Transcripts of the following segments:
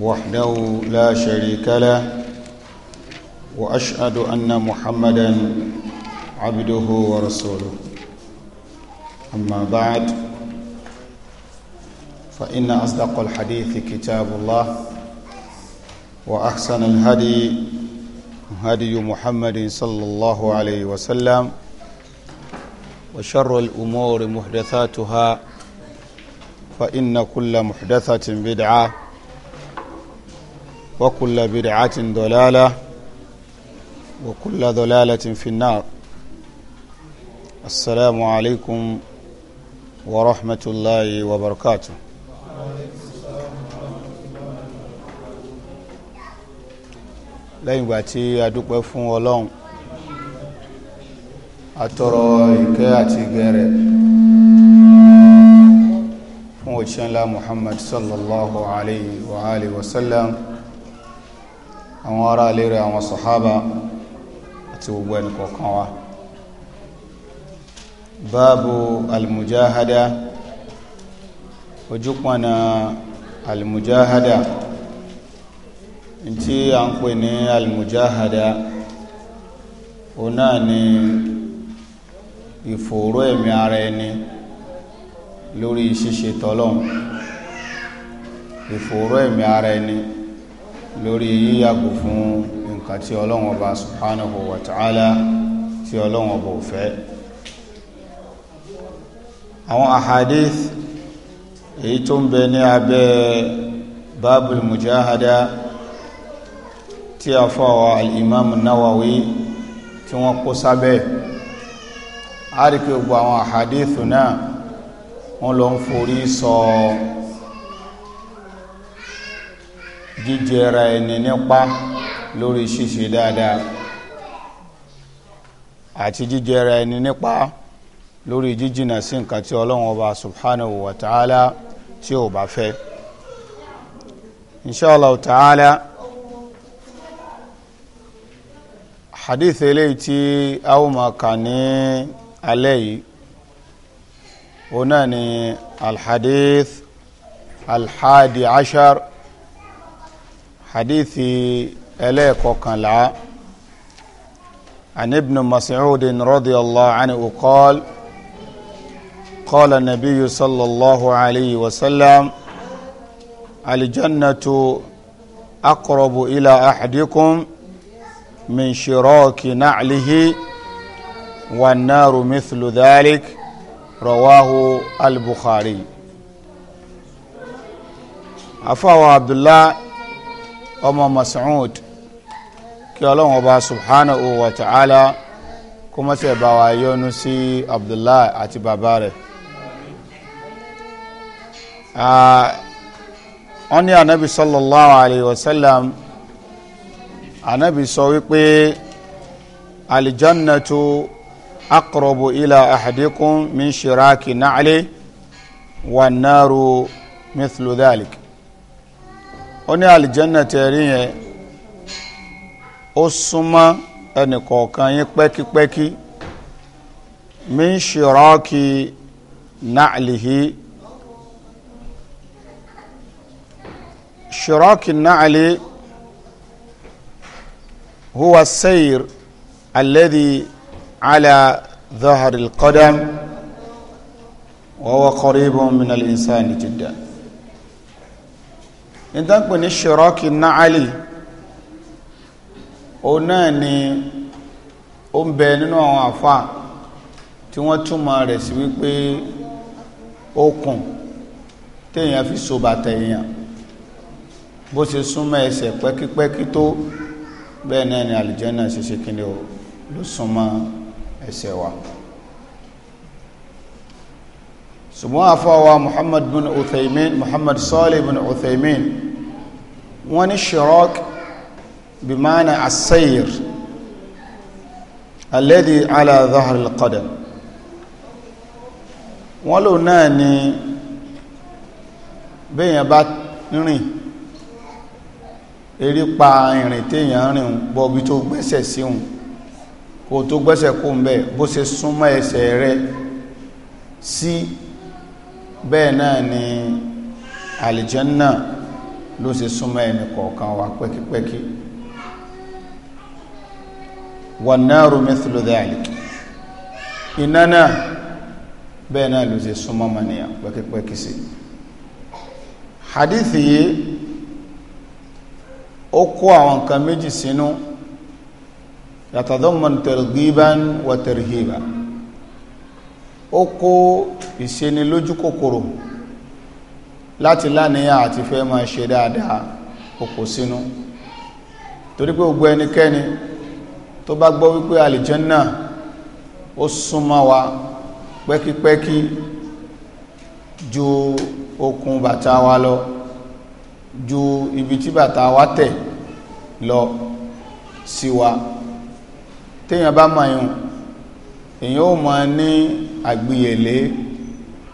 وحده لا شريك له واشهد ان محمدا عبده ورسوله اما بعد فان اصدق الحديث كتاب الله واحسن الهدي هدي محمد صلى الله عليه وسلم وشر الامور محدثاتها فان كل محدثه بدعه وكل بدعة ضلالة وكل ضلالة في النار السلام عليكم ورحمة الله وبركاته lẹ́yìn ìgbà tí a dúpẹ́ fún ọlọ́run àtọrọ ìkẹ́ àti gẹ̀rẹ̀ fún òṣìṣẹ́ ńlá muhammad sallallahu alayhi wa alihi wa sallam àwọn ará ilé rẹ̀ àwọn sàhábà àti gbogbo ẹni kọ̀ọ̀kan wa báàbù almujahada ojúpọ̀nà almujahada tí a ń pè ní almujahada ó náà ni ìfòòró ẹ̀mí ara ẹni lórí ṣíṣe tọ́lọ́hun ìfòòró ẹ̀mí ara ẹni lórí yíyàgò fún nǹkan tí ọlọ́run ọba subhanahu wa ta'ala tí ọlọ́run ọba ò fẹ́ àwọn ahadith èyí tó ń bẹ ní abẹ́ babul mujahada tí a fọ́ àwọn imam nawawi tí wọ́n kó sábẹ́ a rí pé gbogbo àwọn ahadith náà wọ́n lọ ń forí sọ so, jíjẹra ẹni nípa lórí ṣíṣe dáadáa àti jíjẹra ẹni nípa lórí jíjìnà sí nǹkan tí ọlọ́run ọba subhanahu wa ta'ala tí ò bá fẹ́ inshallah ta'ala hadith eléyìí tí a ó máa kà ní alẹ́ yìí ó náà ni alhadith alhadi ashar. Al حديث hadithi ẹlẹ́ẹ̀kọkànlá عن ابن مسعود رضي الله عنه قال قال النبي صلى الله عليه وسلم الجنة أقرب إلى أحدكم من شراك نعله والنار مثل ذلك رواه البخاري أفوى عبد الله ọmọ Mas'ud kí ọlọ́run ọba subhanahu wa ta'ala kó mọ́sẹ̀ bá wa yọ́nú sí Abdullahi àti bàbá rẹ̀ wọ́n ní anabi sallallahu alayhi wa sallam anabi sọ wípé alijannatu aqrabu ila ahadikum min shiraki na'li wan naru mithlu dhalik ó ní àlìjẹ́nà tẹ̀rí yẹn ó súnmọ́ ẹnìkọ̀ọ̀kan yín pẹ́kípẹ́kí min shiraki na'lihi shiraki na'li huwa sayr alladhi ala dhahri alqadam wa huwa qaribun min al-insani jiddan ìtànpè ní ṣirọ́kì náàlì o náà ni ó ń bẹ nínú àwọn àfà tí wọ́n túmọ̀ rẹ̀ sí wípé okùn téèyàn fi so bàtà èèyàn bó ṣe súnmọ́ ẹsẹ̀ pẹ́kípẹ́kí tó bẹ́ẹ̀ náà ni àlìjẹ́nà ṣe ṣe kí ni ló súnmọ́ ẹsẹ̀ wa ṣùgbọ́n àfọwà Muhammad bin Uthaymin Muhammad Salih bin Uthaymin wọ́n ní shirok bimana asayir alẹ́dì ala dhahar al-qadam wọ́n lò náà ni bẹ́yàn bá rìn erí pa ìrìn téèyàn rìn bọ́bí tó gbẹ́sẹ̀ sí kò tó gbẹ́sẹ̀ kó ń bẹ́ bó ṣe súnmọ́ ẹsẹ̀ rẹ sí bẹ́ẹ̀ náà ni alìjẹ́nnà náà ló ṣe súnmọ́ ẹni kọ̀ọ̀kan wa pẹ́kipẹ́ki wan naru mithlu dhalik iná náà bẹ́ẹ̀ náà ló ṣe súnmọ́ mọ́nìyàn pẹ́kipẹ́ki sí hadithi yìí ó kó àwọn nǹkan méjì sínú yàtọ̀dọ́mọ̀n targhiban wa tarhiban ó kó ìṣenilójú kòkòrò láti láníyàn àti fẹ́ máa ṣe dáadáa òkò sínú torí pé gbogbo ẹnikẹ́ni tó bá gbọ́ wípé àlìjẹ́nà ó súnmọ́ wa pẹ́kípẹ́kí ju okùn bàtà wa lọ ju ibi tí bàtà wa tẹ̀ lọ sí wa téèyàn bá mayun èyàn ó máa ní àgbìyèlé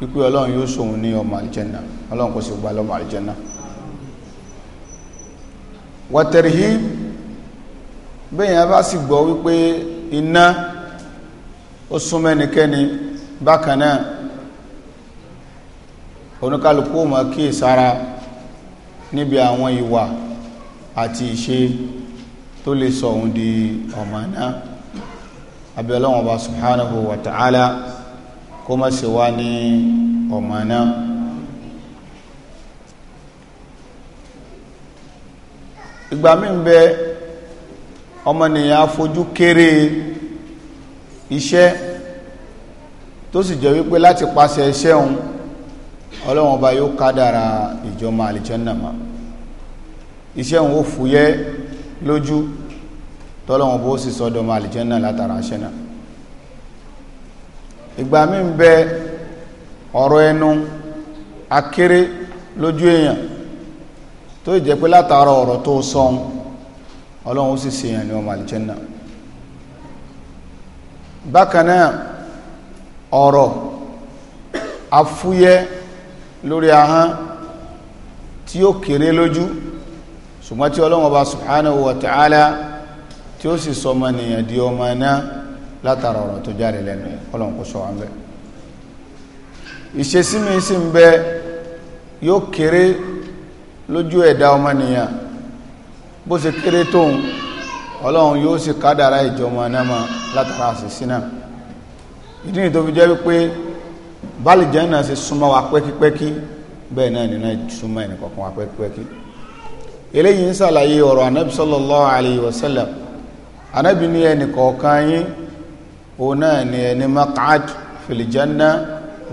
wípé ọlọ́run yóò sòun ní ọmọ àlìjẹ́nà ọlọ́run kò sì gba lọ́mọ àlùjànnà wàtẹ̀rìhí bẹ́yìn bá sì gbọ́ wípé iná ó súnmọ́ ẹnikẹ́ni bákan náà oníkálukú ó sára níbi àwọn ìwà àti ìṣe tó lè sọ òun di ọmọ náà abẹ́lọ́wọ̀n bá subhanahu wa ta'ala kó má ṣe wá ní ọmọ náà ìgbà mí ń bẹ ọmọnìyàn afojú kéré iṣẹ́ tó sì jẹ́ wípé láti pàṣẹ iṣẹ́ òun ọlọ́wọ́n ọba yóò kádàrà ìjọmọ̀ àlìjẹ́nà mọ́ iṣẹ́ òun ó fúyẹ́ lójú tọ́lọ́wọ́n bó sì sọ́dọ̀mọ̀ àlìjẹ́nà látara iṣẹ́ náà ìgbà mí ń bẹ ọ̀rọ̀ ẹnu akéré lójú èèyàn tó jẹ́ pé látara ọ̀rọ̀ tó sọ́n ọlọ́run sì ṣe yàn ní ọmọ àlìjẹ́nà bákan náà ọ̀rọ̀ afúyẹ́ lórí ahán tí ó kéré lójú ṣùgbọ́n tí ọlọ́run ọba subhanahu wa ta'ala tí ó sì sọmọ nìyàn di ọmọ náà látara ọ̀rọ̀ tó jáde lẹ́nu ọlọ́run kò sọ wọn bẹ́ẹ̀ ìṣesí mi sì ń bẹ yóò kéré lójú ẹ̀dá ọmọnìyàn bó ṣe kéré tóun ọlọ́run yóò sì kádàrá ìjọmọ̀ náà látara àṣìṣí náà ìdí ni tó fi jẹ́ wípé báàlì jẹ́ náà ṣe súnmọ́ wa pẹ́kípẹ́kí bẹ́ẹ̀ náà nínú ìsúnmọ́ ẹni kọ̀ọ̀kan wa pẹ́kípẹ́kí eléyìí ń ṣàlàyé ọ̀rọ̀ anábì sallallahu alayhi wa sallam anábì ní ẹni kọ̀ọ̀kan yín òun náà ni ẹni maq'ad fil janna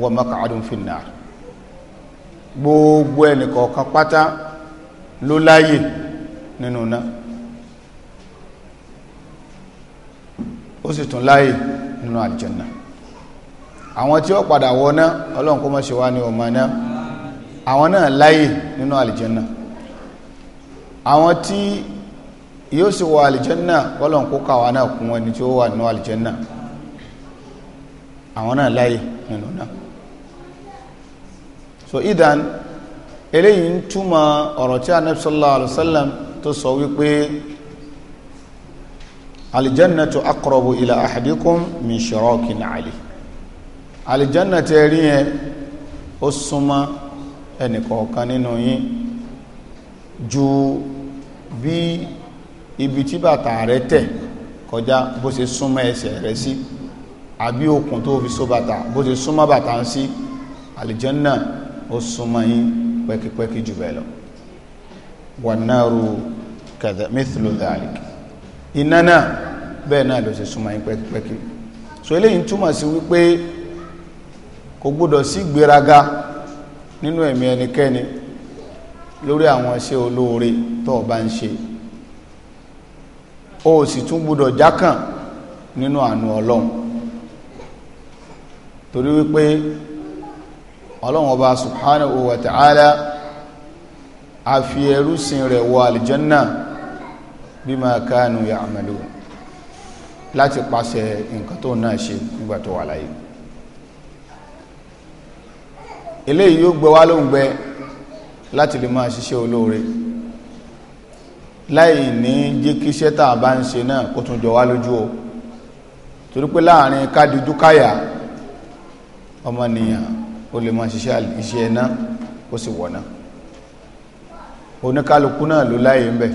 wa maq'adun fin gbogbo ẹni kọ̀ọ̀kan pátá ló láyè nínú náà ó sì tún láyè nínú àlìjànnà àwọn tí ó padà wọ náà ọlọ́run kó má ṣe wá ní ọmọ náà àwọn náà láyè nínú àlìjànnà àwọn tí yóò sì wọ àlìjànnà ọlọ́run kó náà kún ẹni tí ó wà nínú àlìjànnà àwọn náà láyè nínú náà so idan eléyìí ń túmọ̀ ọ̀rọ̀ tí Ànábì sallallahu alaihi wasallam tó sọ ila ahadikum min shirakin alayh aljannatu ẹ̀rí yẹn ó súnmọ́ ẹnìkọ̀ọ̀kan nínú yín ju bí ibi tí bàtà rẹ tẹ̀ kọjá bó ṣe súnmọ́ ẹsẹ̀ rẹ sí àbí okùn so bàtà bó ṣe súnmọ́ bàtà ń sí pẹ́kipẹ́ki jù bẹ́ẹ̀ lọ wànáàrú kàdà mithlu dhalik iná náà bẹ́ẹ̀ náà ló ṣe súnmọ́ yín pẹ́kipẹ́ki so eléyìí túmọ̀ sí wípé kò gbọ́dọ̀ sí gbéraga nínú ẹ̀mí ẹnikẹ́ni lórí àwọn iṣẹ́ olóore tó o bá ń ṣe o sì tún gbọ́dọ̀ jákàn nínú àánú ọlọ́run torí wípé ọlọ́run ọba subhanahu wa ta'ala a fi ẹrúsìn rẹ̀ wọ aljanna bima kanu ya'malun láti pàṣẹ nǹkan tó náà ṣe nígbà tó wà láyé eléyìí yóò gbé wá lóhùn gbẹ láti lè máa ṣiṣẹ́ olóore láì ní jẹ́ kí iṣẹ́ bá ń ṣe náà kó tún jọ wá lójú o torí pé láàrin kádìdúkáyà ọmọnìyàn ó lè máa ṣiṣẹ́ iṣẹ́ ẹ̀ná ó sì wọ̀ná oníkálukú náà ló láyé ń bẹ̀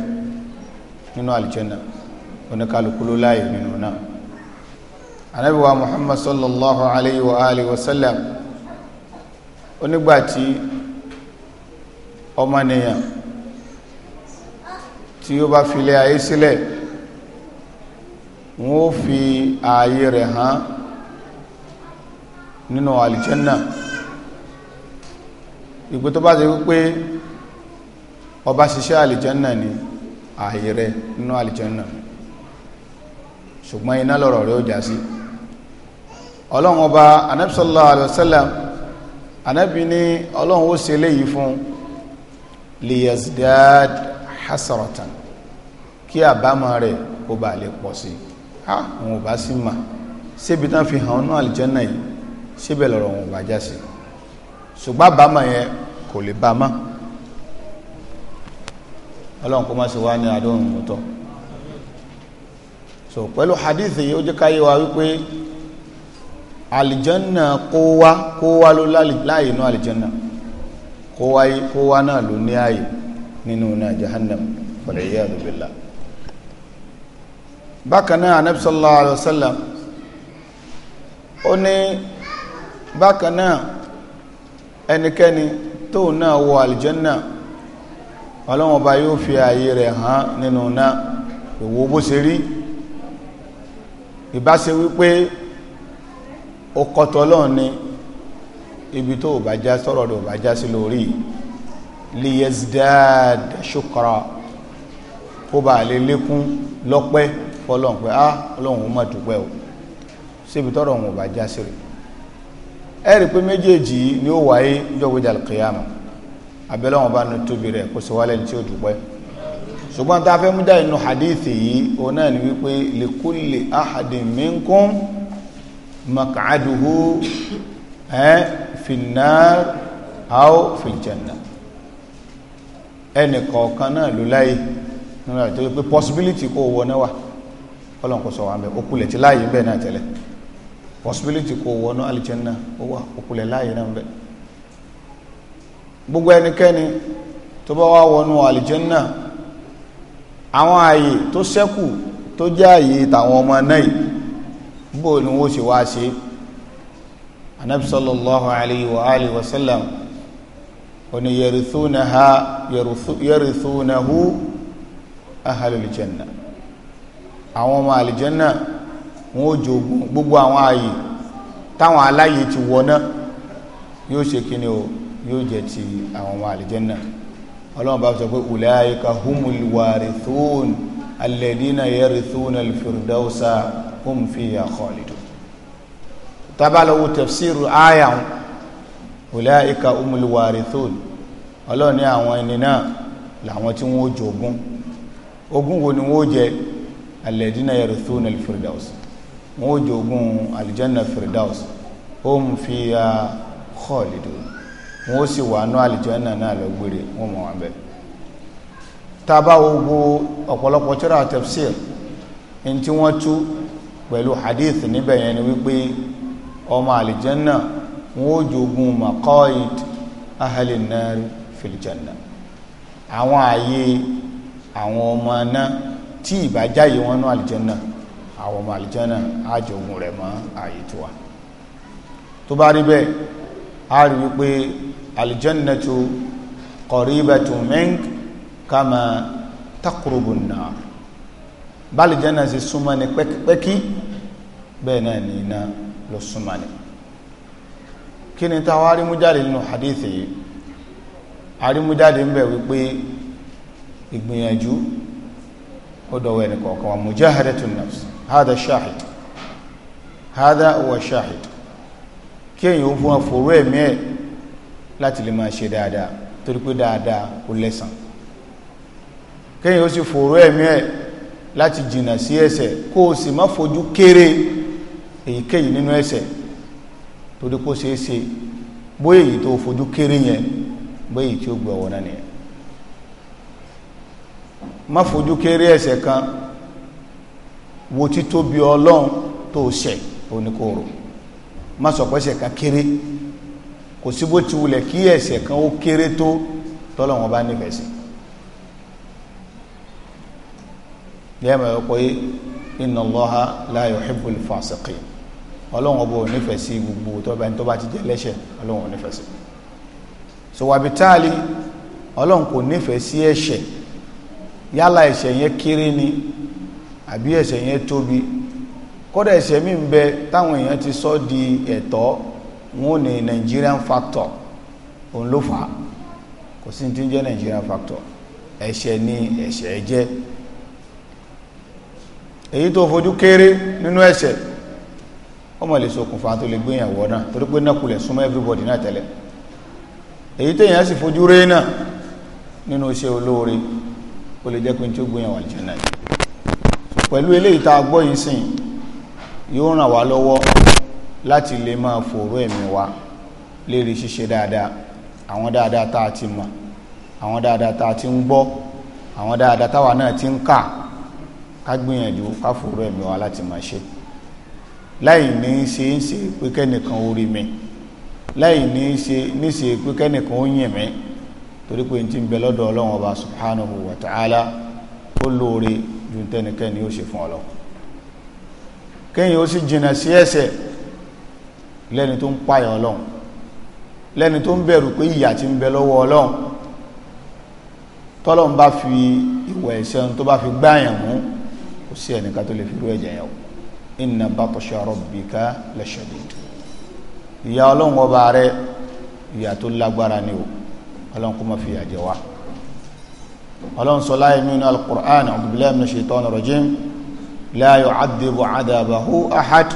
nínú àlìjẹ́nà oníkálukú ló láyé nínú náà Ànábì wa Muhammad sallallahu alayhi wa alihi wa sallam onígbàtí ọmọnìyàn tí ó bá filẹ̀ ayé sílẹ̀ wọ́n fi ààyè rẹ̀ hàn nínú àlìjẹ́nà ìgbé tó bá ṣe wípé ọba ṣiṣẹ́ àlìjẹ́nà ni ààyè rẹ nínú àlìjẹ́nà ṣùgbọ́n iná lọ̀rọ̀ rẹ̀ ó já sí ọlọ́run ọba ànábì sallallahu alaihi wasallam ànábì ní ọlọ́run ó ṣe léyìí fún liyazdad hasaratan kí àbámọ̀ rẹ̀ ó bá lè pọ̀ sí ha òun ò bá sí mà síbi tán fi hàn ọ́nà àlìjẹ́nà yìí síbẹ̀ lọ̀rọ̀ òun ò bá já sí i ṣùgbọ́n àbámọ̀ yẹn kò lè bá mọ́ ọlọ́run kó má ṣe wá ní àdóhùn mọ́tọ́ so pẹ̀lú hadith yìí ó jẹ́ káyé wa wípé alìjọ́nà kó wá kó wá ló láàyè inú alìjọ́nà kó wá kó wá náà ló ní ààyè nínú náà jahannam wal iyadu billah bákan náà anabi sallallahu alaihi wasallam ó ní bákan náà ẹnikẹ́ni tó náà wọ aljanna ọlọ́wọ́n bá yóò fi ààyè rẹ̀ hàn nínú náà ìwò bó ṣe rí ìbá ṣe wípé ó kọtọ lọ́n ni ibi tó bá já sọ́rọ̀ rẹ̀ bá já sí lórí liyazdad shukra kó bá lè lékún lọ́pẹ́ fọ́lọ́n pé ah ọlọ́run ó mà dúpẹ́ o síbi tọ́rọ̀ òun bá já sí rẹ̀ ẹ̀rì pé méjèèjì ni ó wáyé jọ́gbéjà kìyàmù abẹ́lẹ́ wọn bá nu tóbi rẹ̀ kó sọ́wálẹ̀ tí ó dùpẹ́ ṣùgbọ́n tá a fẹ́ mú dá inú hadith yìí o náà ni wípé likulli ahadin minkum maq'aduhu finnar aw fil ẹnì kọ̀ọ̀kan náà ló láyé nínú àti pé possibility kó wọ náà wà kọ́lọ̀ kó sọ wà mẹ́ okùlẹ̀ tí láyé bẹ́ẹ̀ náà tẹ́lẹ̀ possibility kò wọnú alìjẹ́nà ó wà òkúlẹ̀ láàyè náà bẹ́ gbogbo ẹnikẹ́ni tó bá wá wọnú alìjẹ́nà àwọn ààyè tó ṣẹ́kù tó jẹ́ ààyè tàwọn ọmọ náà bó ni wọ́n ṣe wá ṣe anabi alayhi wa alihi wa sallam oni yarithunaha yarithunahu ahlul janna àwọn ọmọ alìjẹ́nà wọn ó jogun gbogbo àwọn ààyè táwọn aláyè ti wọná yóò ṣe kíni o yóò jẹ ti àwọn ọmọ àlìjẹ́nà ọlọ́run bá sọ pé ulaika humul warithun alladina yarithuna alfirdausa hum fiha khalidun tabalawo tafsiru aya ulaika humul warithun ọlọ́run ní àwọn ẹni náà làwọn tí wọ́n ó jogun ogun wo ni wọ́n ó jẹ alladina yarithuna alfirdausa wọn ó jogún alijanna firdaus hum fiha khalidun wọn ó sì wà nú alijanna náà lọ gbére wọn mọ̀ wọn bẹ́ẹ̀ tá a bá wo gbogbo ọ̀pọ̀lọpọ̀ tírà tafsir ní tí wọ́n tú pẹ̀lú hadith níbẹ̀ yẹn ni wípé ọmọ alijanna wọn ó jogún maqaid ahali nar àwọn ààyè àwọn ọmọ náà tí ìbájáyé wọn nú alijanna àwọn ọmọ àlìjánà àjọgùn rẹ̀ mọ́ ààyè tó wà tó bá rí bẹ́ẹ̀ a rí wípé àlìjánàtu qaribatu mink kama takurubun náà bálìjánà sì súnmọ́ ni pẹ́kí bẹ́ẹ̀ náà ni iná ló súnmọ́ ni kí ni táwa rí nínú hadithi yìí a ń bẹ̀ wípé ìgbìyànjú ó dọ̀wọ́ ẹnì kọ̀ọ̀kan wa mujahadatun nafs hada shahid hada wa shahid kí èyàn ó fún wọn fòró ẹ̀mí ẹ̀ láti lè máa ṣe dáadáa torí pé dáadáa ó lẹ́sàn kí èyàn ó sì fòró ẹ̀mí ẹ̀ láti jìnnà sí ẹ̀ṣẹ̀ kó o sì má fojú kéré èyíkéyìí nínú ẹ̀ṣẹ̀ torí kó ṣeé ṣe bóyá èyí tó fojú kéré yẹn bóyá èyí wo títóbi ọlọ́run tó ṣẹ̀ oníkòrò má sọ pé ṣẹ̀ka kéré kò sí bó ti wulẹ̀ kí ẹ̀ṣẹ̀ kan ó kéré tó tọ́lọ́wọ́n bá nífẹ̀ẹ́ sí yẹ́mọ̀ ẹ̀kọ́ yé inna Allaha la yuhibbul fasiqin ọlọ́run ọba ò nífẹ̀ẹ́ sí gbogbo tọ́ba ẹni tó bá ti jẹ́ lẹ́ṣẹ̀ ọlọ́run ò nífẹ̀ẹ́ sí so wàbí táàlì ọlọ́run kò nífẹ̀ẹ́ sí ẹ̀ṣẹ̀ yálà ẹ̀ṣẹ̀ yẹn kéré ni àbí ẹ̀ṣẹ̀ yẹn tóbi kódà ẹ̀ṣẹ̀ míì ń bẹ táwọn èèyàn ti sọ di ẹ̀tọ́ wọn ò Nigerian factor òun ló fà á kò sí ti ń jẹ́ Nigerian factor ẹ̀ṣẹ̀ ni ẹ̀ṣẹ̀ jẹ́ èyí tó fojú kéré nínú ẹ̀ṣẹ̀ ọmọ lè ṣokùnfà tó lè gbéyàwó náà torí pé náà kulẹ̀ súnmọ́ everybody náà tẹ́lẹ̀ èyí téèyàn sì fojú rí náà nínú iṣẹ́ olóore ó lè jẹ́ pé tí ó gbéyàwó àlùjànnà yìí pẹ̀lú eléyìí tá a gbọ́ yìí sìn yóò ràn wá lọ́wọ́ láti lè máa fòró ẹ̀mí wa lérí ṣíṣe dáadáa àwọn dáadáa tá a ti mọ̀ àwọn dáadáa tá a ti ń gbọ́ àwọn dáadáa táwa náà ti ń kà ká gbìyànjú ká fòró ẹ̀mí wa láti máa ṣe láì ní í ṣe ń ṣe pé kẹ́nìkan orí mi láì ní í ṣe ní ṣe pé kẹ́nìkan ó yìn torí pé ti ń bẹ lọ́dọ̀ ọlọ́run ọba subhanahu wa ta'ala ó lóore ju tẹ́nikẹ́ni ó ṣe fún ọlọ kéyìn ó sì jìnà sí ẹ̀ṣẹ̀ lẹ́ni tó ń páyà ọlọ́run lẹ́ni tó ń bẹ̀rù pé ìyà ti ń bẹ lọ́wọ́ ọlọ́run tọ́lọ́run bá fi ìwà ẹ̀ṣẹ̀ tó bá fi gbáyàn mú kò sí ẹnìkan tó lè fi rú ẹ̀jẹ̀ yẹn o inna batasha rabbika lashadid ìyà ọlọ́run ọba rẹ ìyà tó lágbára ni o ọlọ́run kó má fi ìyà jẹ wá ọlọ́run sọ láyé nínú al-Qur'an ọ̀dùbílẹ̀ mi ṣe tọ́nà rọ̀jìm la yu'adhibu adhabahu ahad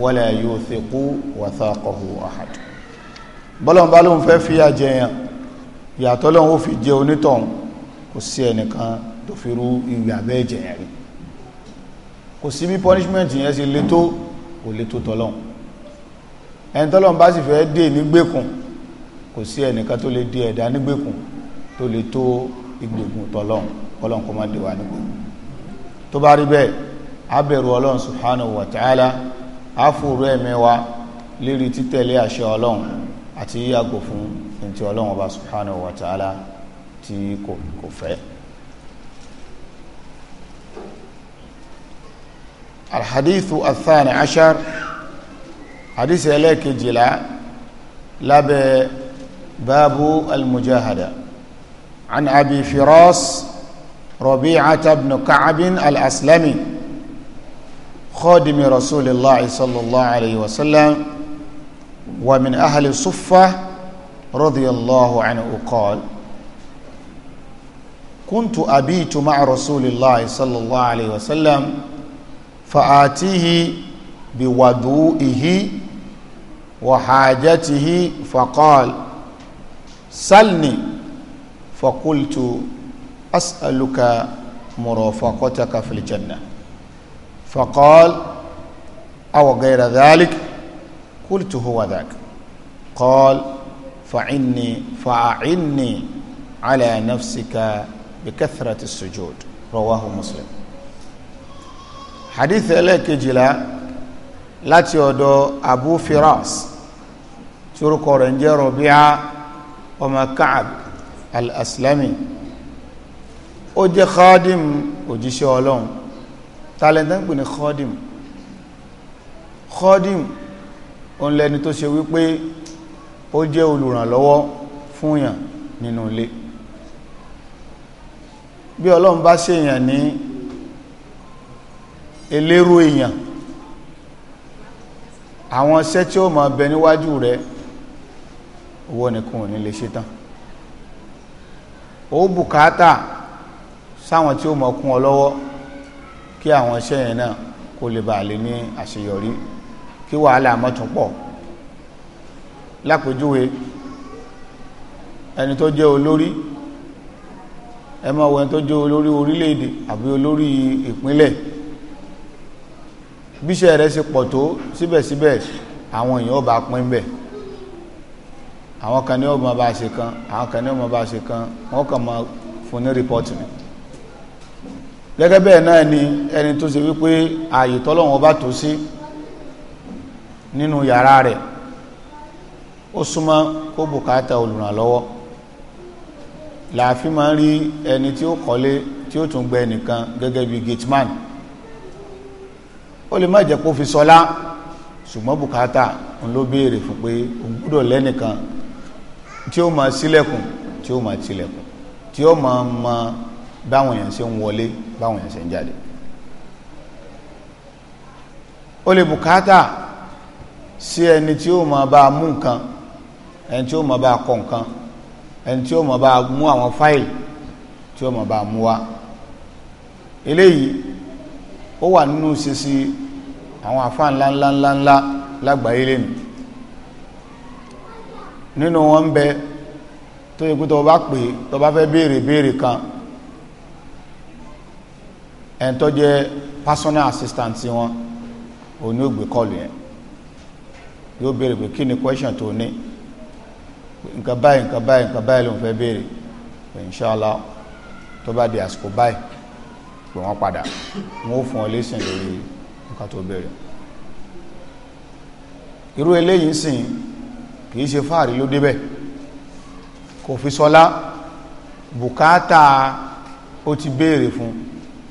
wala yuthiqu wathaqahu ahad bọ́lọ̀n bá lóun fẹ́ fi àjẹyàn ìyàtọ̀ lọ́run ó fi jẹ onítọ̀hún kò sí ẹnìkan tó fi rú ìwé abẹ́ ìjẹyàn rí kò sí bí punishment yẹn ṣe le tó kò le tó tọ́lọ́run ẹni tọ́lọ́run bá sì fẹ́ dé nígbèkùn kò sí ẹnìkan tó lè dé ẹ̀dá nígbèkùn tó lè tó ìgbógun tọ́lọ́n kọ́lọ́n kọ́ máa dè wá nígbò tó bá rí bẹ́ẹ̀ a bẹ̀rù ọlọ́run subhanahu wa ta'ala a fòrò ẹ̀mí wa lérí títẹ̀lé àṣẹ ọlọ́run àti yíyàgò fún ntí ọlọ́run ọba subhanahu wa tí kò fẹ́ alhadithu athani ashar hadith ẹlẹ́kejìlá lábẹ́ báàbù almujahada عن أبي فراس ربيعة بن كعب الأسلمي خادم رسول الله صلى الله عليه وسلم ومن أهل صفة رضي الله عنه قال كنت أبيت مع رسول الله صلى الله عليه وسلم فآتيه بوضوئه وحاجته فقال سلني فقلت أسألك مرافقتك في الجنة فقال أو غير ذلك قلت هو ذاك قال فعني فأعني على نفسك بكثرة السجود رواه مسلم حديث لك جلا لا تيودو أبو فراس تركو رنجر ربيع وما كعب al-aslami ó jẹ́ khadim òjíṣẹ́ ọlọ́run talentangbe ni khadim khadim òun lẹni tó ṣe wípé ó jẹ́ olùrànlọ́wọ́ fúnyàn nínú ilé bí ọlọ́run bá ṣèyàn ní elérú èyàn àwọn iṣẹ́ tí ó máa bẹ níwájú rẹ̀ owó nìkan ò ní lè ṣe ó bùkátà sáwọn tí ó mọ̀ kún ọ lọ́wọ́ kí àwọn iṣẹ́ yẹn náà kó lè bàa lè ní àṣeyọrí kí wàhálà má tún pọ̀ lápèjúwe ẹni tó jẹ́ olórí ẹ máa ẹni tó jẹ́ olórí orílẹ̀-èdè àbí olórí ìpínlẹ̀ bíṣẹ́ rẹ̀ ṣe pọ̀ tó síbẹ̀síbẹ̀ àwọn èèyàn ó pín bẹ́ẹ̀ àwọn kan ní ó mọ bá ṣe kan àwọn kan ní ó mọ bá ṣe kan wọ́n kàn mọ fún ní rìpọ́tì ni gẹ́gẹ́ bẹ́ẹ̀ náà ni ẹni tó ṣe wípé ààyè tọ́lọ́wọ́n bá tó sí nínú yàrá rẹ̀ ó súnmọ́ kó bùkátà olùrànlọ́wọ́ làáfin máa ń rí ẹni tí ó kọ́lé tí ó tún gbẹ nìkan gẹ́gẹ́ bí gateman ó lè má jẹ́ kó fi sọlá ṣùgbọ́n bùkátà ń ló béèrè fún pé òun gbúdọ̀ lẹ́nìkan tí ó máa ṣílẹ̀kùn tí ó máa tilẹ̀kùn tí ó máa ma báwọn èèyàn ṣe ń wọlé báwọn èèyàn ṣe ń jáde ó lè bùkátà sí ẹni tí ó máa bá mú nǹkan ẹni tí ó máa bá kọ nǹkan ẹni tí ó máa bá mú àwọn fáìlì tí ó máa bá mú wá eléyìí ó wà nínú ṣe sí àwọn àfáà ńláńláńláńlá lágbàáyé lẹ́nu nínú wọn ń bẹ tó yẹ kó tó bá pè tó bá fẹ́ béèrè béèrè kan ẹni tó jẹ́ personal assistant sí wọn òun ni ó gbé kọlù yẹn yóò béèrè pé kí ni question tó ní nǹkan báyìí nǹkan báyìí nǹkan báyìí ló ń fẹ́ béèrè inshallah tó bá di àsìkò báyìí pé wọ́n padà wọ́n ó fún ọ lésìn lórí nǹkan tó béèrè irú eléyìí sìn kìí ṣe fáàrí ló débẹ̀ kò fi sọlá bùkátà ó ti béèrè fún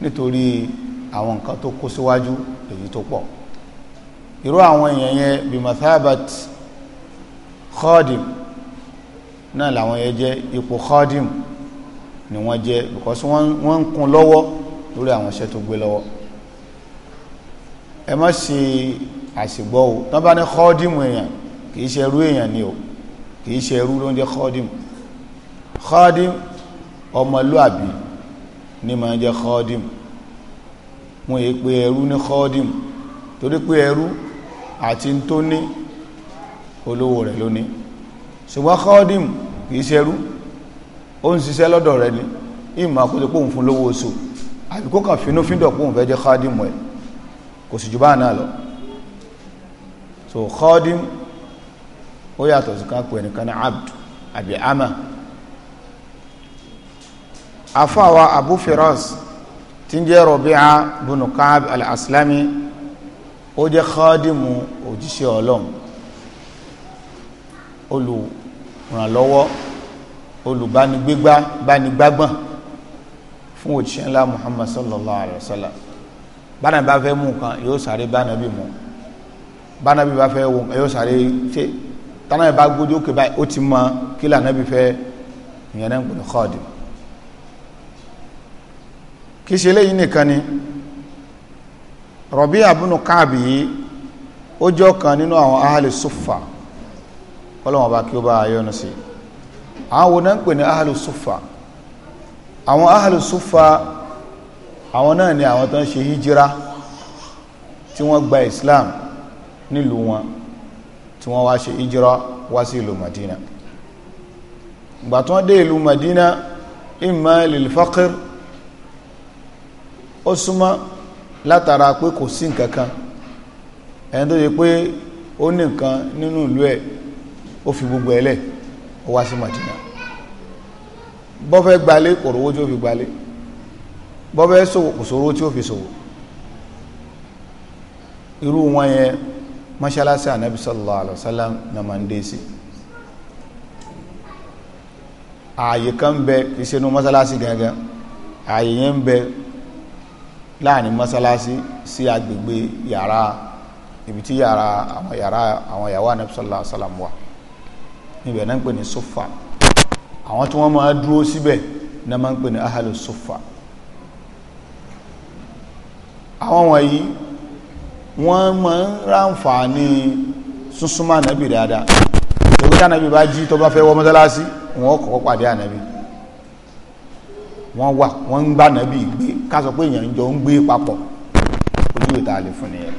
nítorí àwọn nǹkan tó kó síwájú èyí tó pọ̀ irú àwọn èèyàn yẹn bí mathabat khadim náà làwọn yẹn jẹ́ ipò khadim ni wọ́n jẹ́ because wọ́n ń kún lọ́wọ́ lórí àwọn iṣẹ́ tó gbé lọ́wọ́ ẹ má ṣe àṣìgbọ́ o tán bá ní khadim èèyàn kìí ṣe ẹrú èèyàn ni o kìí ṣe ẹrú ló ń jẹ́ khadim khadim ọmọlúàbí ni ma ń jẹ́ khadim wọ́n yí pé ẹrú ní khadim torí pé ẹrú àti tó ní olówó rẹ̀ lóní ṣùgbọ́n khadim kìí ṣe ẹrú ó ń ṣiṣẹ́ lọ́dọ̀ rẹ̀ ni ìmọ̀ àkóso pòun fún lówó oṣù àbí kó fínú fíndọ̀ pòun fẹ́ jẹ́ khadim ẹ̀ kò sì jù bá náà lọ so khadim ó yàtọ̀ sí ká pè ẹnìkan ní abd àbí ama afáwa abu firas tí ń jẹ́ rọ̀bíà bunu kaab al-aslami ó jẹ́ khadimu òjíṣẹ́ ọlọ́run olùrànlọ́wọ́ olùbánigbégbá bánigbágbọ́n fún òjíṣẹ́ ńlá muhammad sallallahu alayhi wa sallam bánabi bá fẹ́ mú nǹkan yóò sáré bánabi mú bánabi bá fẹ́ wọ yóò sáré ṣe tánà ẹ̀ bá gbójú òkè báyìí ó ti mọ kí lànàbí fẹ́ ìyẹn náà gbọ́dọ̀ kọ́ọ̀dù kì ṣe eléyìí nìkan ni rọ̀bí àbúnú káàbì yìí ó jọ kan nínú àwọn ahàlì sùfà kọ́lọ̀wọ̀n bá kí ó bá yọ́nu sí àwọn wo náà ń pè ní ahàlì sùfà àwọn ahàlì sùfà àwọn náà ni àwọn tó ń ṣe hijira tí wọ́n gba Islam nílùú wọn tí wọ́n wá ṣe ìjírá wá sí ìlú Madina ìgbà tí wọ́n dé ìlú Madina imma lil faqir ó súnmọ́ látara pé kò sí nǹkan kan ẹni tó yẹ pé ó ní nǹkan nínú ìlú ẹ̀ ó fi gbogbo ẹlẹ̀ ó wá sí Madina bọ́fẹ́ gbalé kò tí ó fi gbalé bọ́fẹ́ ṣòwò kò tí ó fi ṣòwò irú wọn yẹn mọ́ṣáláṣí ànábì sallallahu alaihi wasallam na ma ń dé sí ààyè kan bẹ kì í ṣe inú mọ́ṣáláṣí gangan ààyè yẹn ń bẹ láàrin mọ́ṣáláṣí sí agbègbè yàrá ibi tí yàrá àwọn yàrá àwọn yàwó ànábì sallallahu alaihi wasallam wà níbẹ̀ náà ń pè ní sofa àwọn tí wọ́n máa dúró síbẹ̀ náà máa ń pè ní ahalu sofa àwọn wọ̀nyí wọ́n máa ń ráǹfààní súnsúnmọ́ ànábì dáadáa torí tí ànábì bá jí tó bá fẹ́ wọ mọ́tálásí wọ́n kọ́kọ́ pàdé ànábì wọ́n wà wọ́n ń gbá ànábì gbé káṣọ pé èèyàn jọ ń gbé papọ̀ ojú ìta lè fún nìyẹn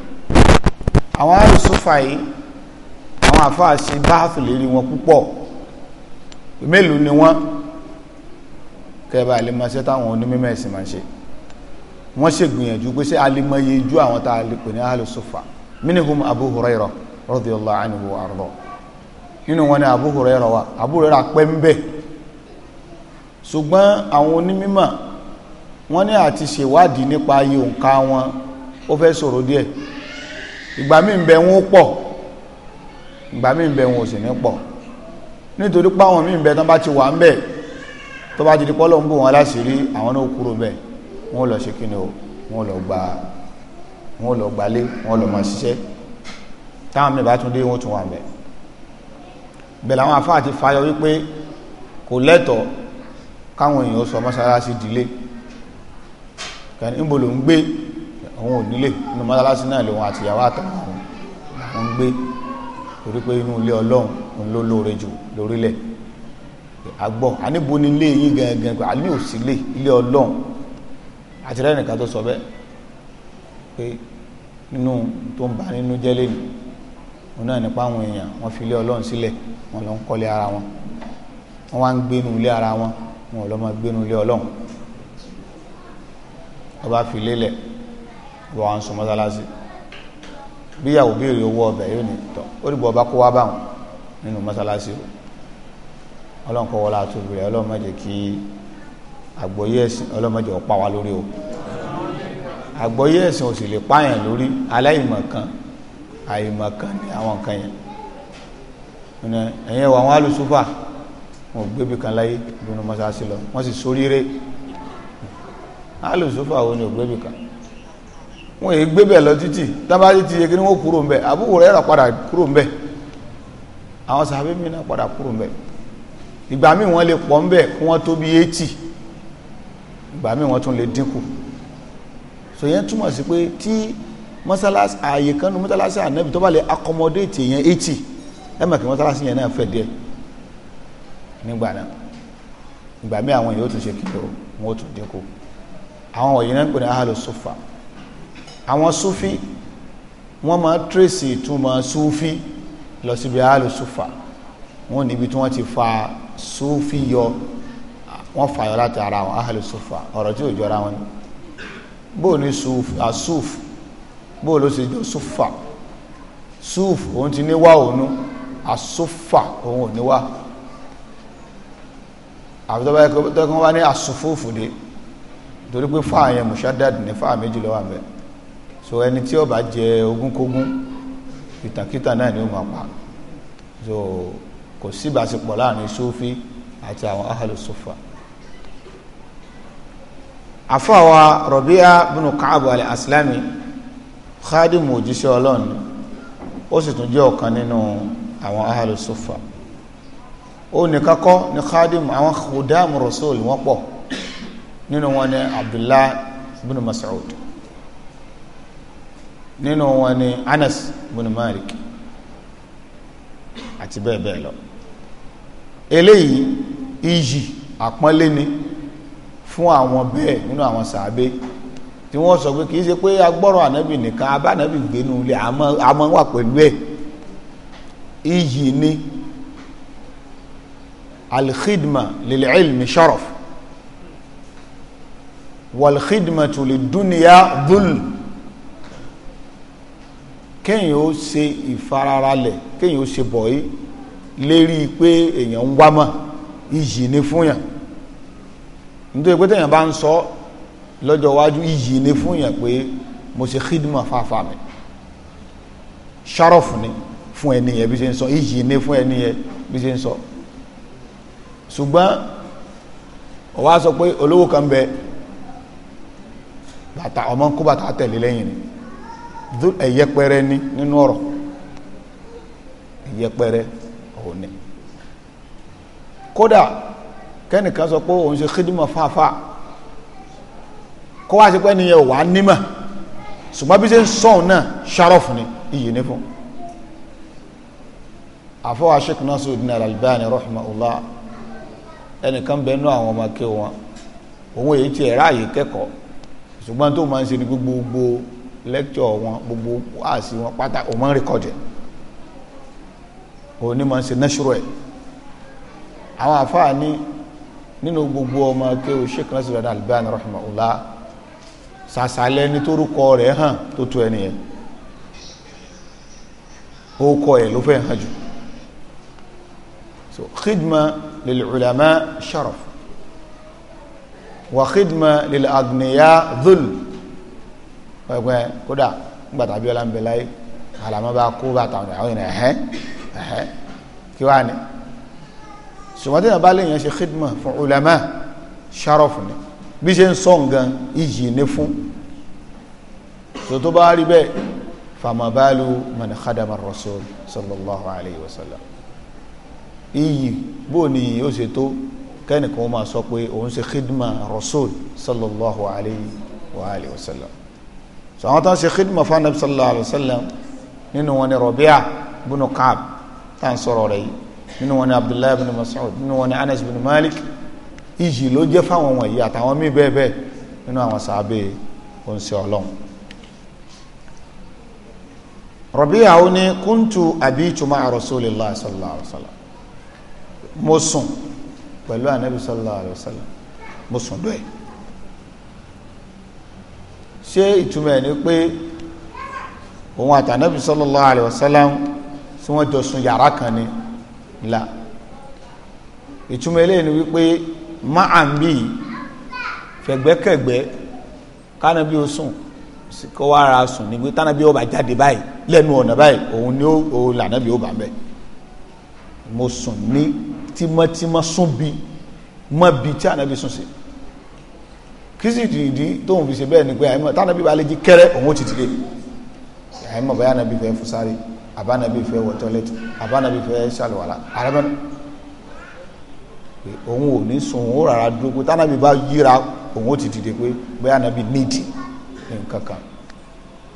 àwọn àìsùfà yìí àwọn àfáà ṣe báàfù lérí wọn púpọ̀ mélòó ni wọ́n kẹ́ bá lè máa ṣe táwọn onímọ̀ ẹ̀sìn máa ṣe wọ́n ṣe gbìyànjú pé ṣé alimọye ju àwọn tá a lè pè ní ahalusufa minihum abu huraira radiyallahu anhu ardo nínú wọn ni abu huraira wa abu huraira pẹ́ ń bẹ̀ ṣùgbọ́n àwọn onímọ̀ wọ́n ní àti ṣèwádìí nípa ayé òǹkà wọn ó fẹ́ sọ̀rọ̀ díẹ̀ ìgbà míì ń bẹ wọn ó pọ̀ ìgbà míì ń bẹ wọn ò sì ní pọ̀ nítorí pé àwọn míì ń bẹ tán bá ti wà ń bẹ̀ tó bá ti di pọ́lọ́ ń bò wọn láṣìírí àwọn náà kúrò bẹ́ẹ̀ wọ́n lọ ṣe kíni o wọ́n lọ gba wọ́n lọ gbalé wọ́n lọ máa ṣiṣẹ́ táwọn mi bá tún dé wọ́n tún wà mẹ́ bẹ́ẹ̀ làwọn afáà ti fayọ wípé kò lẹ́tọ̀ọ́ káwọn èèyàn sọ mọ́sálásí dilé kẹ́ni níbo ló ń gbé àwọn ò nílé inú mọ́sálásí náà lòun àti ìyàwó àtàwọn ń gbé torí pé inú ilé ọlọ́run ń ló lóore jù lórílẹ̀ àgbọ̀ àníbo ni ilé yín gangan àlè ò ilé ọlọ́run àti rẹ́ nìkan tó sọ bẹ́ẹ̀ pé inú tó ń bà nínú jẹ́ lẹ́nu òun náà nípa àwọn èèyàn wọ́n fi ilé ọlọ́run sílẹ̀ wọ́n lọ ń kọ́lé ara wọn wọ́n wá ń gbénu ilé ara wọn wọn lọ́ máa gbénu ilé ọlọ́run ọba fi lélẹ̀ ọba wa ń sọ mọ́sálásí bíyàwó béèrè owó ọbẹ̀ yóò ní tọ́ ó dìbò ọba kó wá báwọn nínú mọ́sálásí ọlọ́run kọ́ wọlé àtúbìrẹ̀ ọlọ́run má jẹ́ kí àgbọ́yé ẹ̀sìn ọlọ́mọdé ọ̀pá wa lórí o àgbọ́yé ẹ̀sìn ò sì lè pààyàn lórí aláìmọ̀kan àìmọ̀kan ni àwọn kan yẹn ẹ̀yẹn wà wọn alùsùfà wọn gbébi kan láyé ìbínú mọ́sáàsì lọ wọ́n sì sóríire alùsùfà wọn ni ò gbébi kan wọn èyí gbébẹ̀ lọ títì tábàtì ti yẹ kí wọ́n kúrò ń bẹ̀ àbúrò rẹ̀ rà padà kúrò ń bẹ̀ àwọn sàbẹ̀mí náà padà kúrò ń bẹ̀ ìgbà míì wọ́n lè pọ̀ ń bẹ̀ kí wọ́n tó 80 ìgbà míì wọ́n tún lè dínkù so yẹn túmọ̀ sí pé tí mọ́sálásí ààyè kan nu mọ́sálásí ànábì tó lè accommodate yẹn eighty ẹ mọ̀ kí mọ́sálásí yẹn náà fẹ̀ díẹ̀ nígbà náà ìgbà míì àwọn yóò tún ṣe kí wọn ó tún dínkù àwọn wọ̀nyí náà ń pè ní ahalo sufa àwọn sufi wọ́n máa tírèsì ìtumọ̀ sufi lọ síbi ahalo sufa wọ́n níbi tí wọ́n ti fa sufi yọ wọ́n fàyọ láti ara àwọn ahàlù sufa ọ̀rọ̀ tí ò jọra wọn ni bóò ní suf asuf bóò ló ṣe jọ sufa suf òun ti ní wá òun asufa òun ò ní wá àfi tó bá yẹ kó tẹ́kọ́ wá ní asufúfù dé torí pé fáà yẹn mushadad ní fáà méjì ló wà so ẹni tí ó jẹ ogúnkógún ìtàkìtà náà ni ó máa pa so kò síbáṣepọ̀ láàrin sufi àti àwọn ahàlù sufa. So, àfọwà rọ̀bíà bínú káàbù alẹ́ àsìlámì khadimu òjíṣẹ́ ọlọ́run ó sì tún jẹ́ ọ̀kan nínú àwọn ahalu sufa ó ní kakọ́ ní khadimu àwọn khudamu rasul wọ́n pọ̀ nínú wọn ni abdullah bin mas'ud nínú wọn ni anas bin malik àti bẹ́ẹ̀ bẹ́ẹ̀ lọ eléyìí iyì àpọ́nlé ni fún àwọn bẹ́ẹ̀ nínú àwọn sàábé tí wọ́n sọ pé kìí ṣe pé agbọ́rọ̀ ànábì nìkan abánábì gbénu ilé àmọ́ wà pẹ̀lú ẹ̀ iyì ni alkhidma lil ilmi sharaf walkhidmatu lidunya dhul kéèyàn ó ṣe ìfararalẹ̀ kéèyàn ó ṣe bọ̀yí lérí pé èèyàn ń wá mọ̀ iyì ni fún yàn nítorí pé téèyàn bá ń sọ lọ́jọ́ iwájú iyì ni fún yẹn pé mo ṣe khidma fáfá mi ṣárọ̀fù ni fún ẹni yẹn bí ṣe ń sọ iyì ni fún ẹni yẹn bí ṣe ń sọ ṣùgbọ́n ó wá sọ pé olówó kan bẹ bàtà ọmọ kó bàtà tẹ̀lé lẹ́yìn ni ẹ̀yẹpẹrẹ ni nínú ọ̀rọ̀ ẹ̀yẹpẹrẹ òní kódà kẹ́nìkan sọ pé òun ṣe kídìmọ̀ fáfá kó wá sí pé nìyẹn wà á nímọ̀ ṣùgbọ́n bí ṣe ń sọ̀hún náà ṣàròfù ni iyì ní fún àfọwọ́ Sheikh Nasiruddin Al-Albani rahimahullah ẹnìkan bẹ nú àwọn ọmọ kí wọn òun èyí ti ẹ̀rá àyè kẹ́kọ̀ọ́ ṣùgbọ́n tó máa ń ṣe ni gbogbo lẹ́kítọ̀ wọn gbogbo wáàsí wọn pátá òun máa ń rékọ̀dì òun ní máa ń ṣe nẹ́ṣúrọ̀ ẹ̀ àwọn àfáà ní nínú gbogbo ọmọ akéwò Sheikh Nasiru Albani rahimahullah sàṣàlẹ̀ ní torúkọ rẹ̀ hàn tó tó ẹni yẹn ó kọ ẹ̀ ló fẹ́ hàn jù so khidma lil ulama sharaf wa khidma lil agniya dhul pẹ̀pẹ̀ kódà gbàtà abiola ń bẹ láyé àlàmọ́ kó bàtà àwọn ènìyàn ẹ̀hẹ́ ẹ̀hẹ́ kí wàá ni ṣùgbọ́n téèyàn bá léèyàn ṣe khidma fún ulama sharaf ni bí ṣe ń sọ nǹkan iyì ní fún tó tó bá rí bẹ́ẹ̀ famabalu man khadama rasul sallallahu alayhi wa sallam iyì bó ni yìí ó ṣe tó kẹ́nìkan máa sọ pé òun ṣe khidma rasul sallallahu alayhi wa alayhi wa sallam so àwọn ṣe khidma fún anabi sallallahu alayhi wa sallam nínú wọn ni Rabi'a bunu Ka'b tá à ń sọ̀rọ̀ yìí nínú wọn ni abdullahi bin mas'ud nínú wọn ni anas bin malik iyì ló jẹ́ fáwọn wọ̀nyí àtàwọn míì bẹ́ẹ̀ bẹ́ẹ̀ nínú àwọn sàábé oníṣẹ́ ọlọ́run rọ̀bíyà ó ní kúntù abitu ma'a rasulillah sallallahu alaihi wasallam mo sùn pẹ̀lú ànábì sallallahu alaihi wasallam mo sùn dọ́ẹ̀ ṣé ìtumọ̀ ẹ̀ ni pé òun àtànábì sallallahu alaihi tí wọ́n jọ sùn yàrá kan ni la ìtumọ̀ eléyìí ni wípé máa ń bí fẹ̀gbẹ́kẹ̀gbẹ́ kánábí ó sùn kó wá ara sùn níbi tánábí ó bá jáde báyìí lẹ́nu ọ̀nà báyìí òun ni ó lànábí ó bá bẹ́ẹ̀ mo sùn ní tímọ́tímọ́ sún bí mọ́ bí tí ànábí sùn sí kìsì dìídì tóun fi ṣe bẹ́ẹ̀ ni pé àìmọ̀ tánábí bá lè jí kẹ́rẹ́ òun ó ti tìlé àìmọ̀ báyà ànábí fẹ́ fún sáré àbánabi fẹ́ wọ tọ́lẹ́tì àbánabi fẹ́ ṣàlùwàlà àrẹ́bẹ́ pé òun ò ní sùn òun rárá dúró pé tánábì bá yíra òun ó ti dìde pé bóyá ànábì nídìí ní nǹkan kan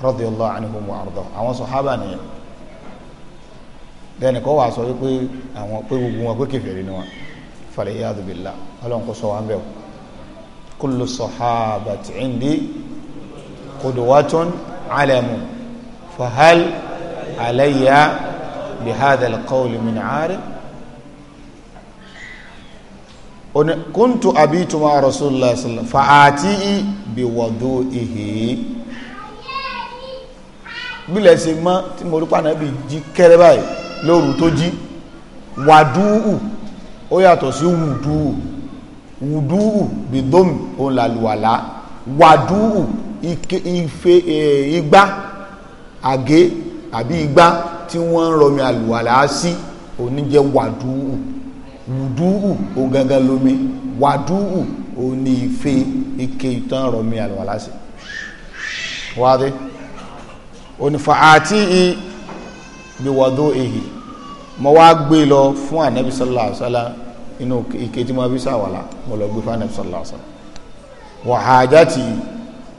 radiyallahu anhum wa arda àwọn sàhábà nìyẹn bẹ́ẹ̀ nìkan wà sọ wípé àwọn pé gbogbo wọn pé kèfèrí ni wọn faliyadu billah ọlọ́run kò sọ wọn bẹ́ẹ̀ o kullu sahabati indi qudwatun alamu fahal alayya بهذا القول من عارف. كنت أبيت مع رسول الله، rasulillah sallam fa ati bi wadu ihe bílẹ̀ ṣe mọ́ tí mo rí pànàbí jí kẹ́rẹ́ báyìí lóru tó jí wàdúù ó yàtọ̀ sí wùdúù wùdúù bìdómi òun làlùwàlá wàdúù ife eh, igbá àgé àbí igbá tí wọ́n ń rọmi àlùwàlà sí òní jẹ́ wàdúù wùdúù òun lomi wàdúù òun ní ife ike ìtàn rọmi àlùwàlà sí wáde onífà àti ìgbéwàdó èyí mo wá gbé lọ fún ànábi sallallahu alaihi wasallam inú ike tí mo bí sàwàlà mo lọ gbé fún ànábi sallallahu alaihi wàhájá ti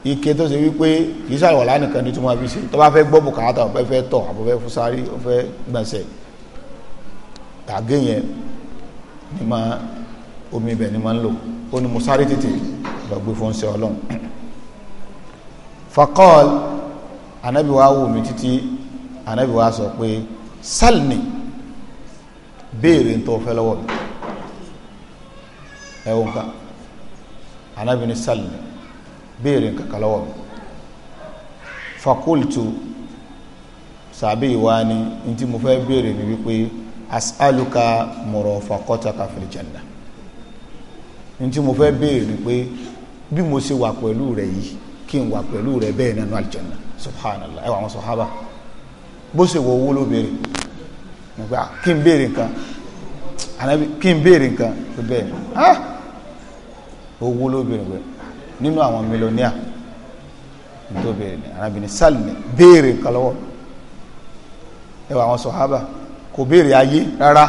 ike tó ṣe wípé kìí ṣàlùwàlá nìkan ní tí wọ́n fi ṣe tó bá fẹ́ gbọ́ bùkátà ó fẹ́ tọ̀ àbọ̀ fẹ́ fúsárì ó fẹ́ gbọ̀nsẹ̀ tàgé yẹn ni ma omi ibẹ̀ ni ma ń lò ó ní mo sáré tètè lọ gbé fún ṣe ọlọ́run fakọ́ọ̀l anábì wa wò mí títí anábì wa sọ pé sálìní béèrè ń tó fẹ́ lọ́wọ́ mi ẹ̀wọ̀n ká anábì ní sálìní béèrè kankan lọ́wọ́ mi fakultu sàbí ìwá ni n tí mo fẹ́ béèrè ni wípé as'aluka murafaqataka fil janna n tí mo fẹ́ béèrè ni pé bí mo ṣe wà pẹ̀lú rẹ̀ yìí kí n wà pẹ̀lú rẹ̀ bẹ́ẹ̀ nínú aljanna subhanallah ẹ wà àwọn sọ̀hábà bó ṣe wọ owó ló béèrè nígbà kí n béèrè nǹkan kí n béèrè nǹkan bẹ́ẹ̀ ni owó ló béèrè bẹ́ẹ̀ nínú àwọn mílíọ̀nìà tó béèrè ní arábìnrin sálìmì béèrè nǹkan lọ́wọ́ ẹwà àwọn sọ̀hábà kò béèrè ayé rárá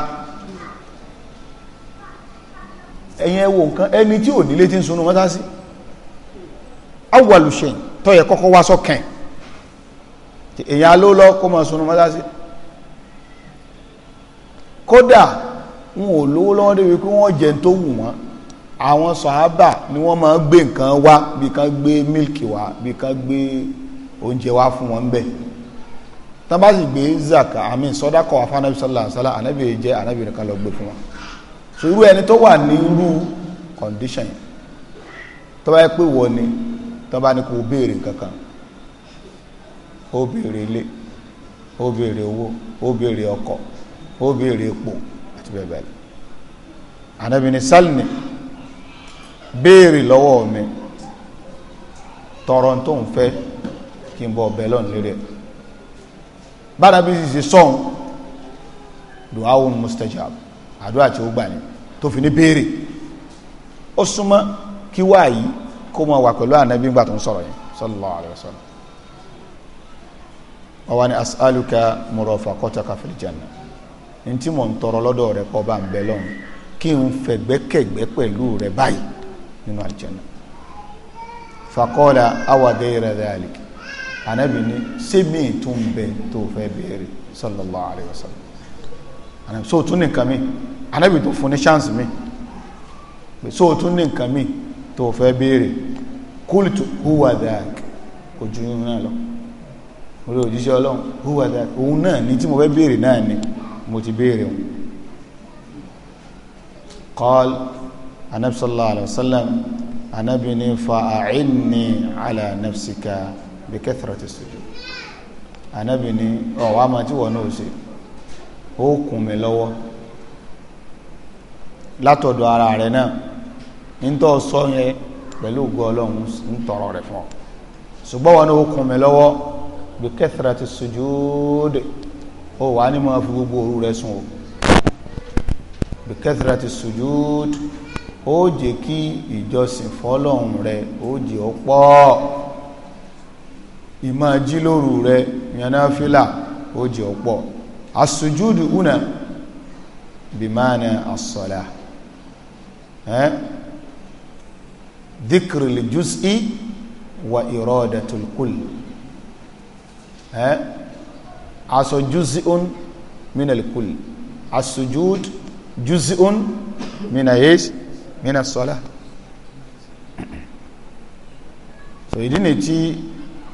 ẹ̀yin ẹ wo nǹkan ẹni tí ò nílé tí ń sunú mọ́tá sí awàlùṣẹ̀ tó yẹ kọ́kọ́ wá sọ́kàn èyàn ló lọ kó máa sunú mọ́tá sí kódà wọn ò lówó lọ́wọ́ débi pé wọ́n jẹun tó wù wọ́n àwọn sọ̀hábà ni wọn máa gbé nǹkan wá bí kan gbé mílìkì wá bí kan gbé oúnjẹ wá fún wọn bẹ́ẹ̀ tán bá sì gbé zaka àmì sọ́dákọ̀ afánábì sọ́lá àṣálà ànábì jẹ́ ànábì rẹ̀ kan lọ gbé fún wọn irú ẹni tó wà ní ni tó bá ní kó kankan o béèrè ilé o béèrè owó o béèrè ọkọ̀ o béèrè epo àti bẹ́ẹ̀ béèrè lọ́wọ́ mi tọrọ tó ń fẹ́ kí n bọ ọbẹ̀ lọ́nà lérè bára bí sì sọ́n duawun mustajab àdúrà tí ó gbà ní tó fi ní béèrè ó súnmọ́ kí wá yìí kó mọ wà pẹ̀lú ànábí gbà tó ń sọ̀rọ̀ yẹn sallallahu alaihi wasallam ọwọ́ ni as'aluka murafaqataka fil janna ní tí mò ń tọrọ lọ́dọ̀ rẹ̀ kọ́ bá ń bẹ lọ́hùn kí n fẹ̀gbẹ́kẹ̀gbẹ́ pẹ̀lú rẹ̀ báyìí nínú àlìjẹ́nà fàkọ́ọ̀lá awàdé rẹ̀ dáàlì anábì ní sẹ́mi tó ń bẹ tó fẹ́ bèèrè sallallahu alayhi wa sallam anábì so tún nìkan mi anábì tó fún ní chance mi so tún nìkan mi tó fẹ́ bèèrè kúlùtù húwà dáàkì ojú náà lọ orí òjíṣẹ́ ọlọ́run húwà òun náà ní tí mo fẹ́ bèèrè náà ni mo ti bèèrè anabi sallallahu alayhi wa sallam anabi ni fa a'inni ala nafsika bi kathrati sujud anabi ni ọ̀wá máa ti wọ̀ náà ṣe ó kùn mí lọ́wọ́ látọ̀dọ̀ ara rẹ̀ náà nítọ́ sọ yẹn pẹ̀lú ògo ọlọ́run ń tọrọ fún ọ ṣùgbọ́n wọn ni ó kùn mí lọ́wọ́ kathrati sujud ó wà ní máa fi gbogbo òru rẹ̀ sùn o bí kathrati sujud ó jẹ́ kí ìjọsìn fọ́lọ́hun rẹ ó jẹ́ ó pọ̀ ìmọ̀ jílòrù rẹ yanáfílà ó jẹ́ ó pọ̀ asùjúdù una bìmánà àsọ̀lá eh? dhikril juz'i wa iradatul kull eh? aso juz'un minal kull mina sọ́lá so ìdí ni tí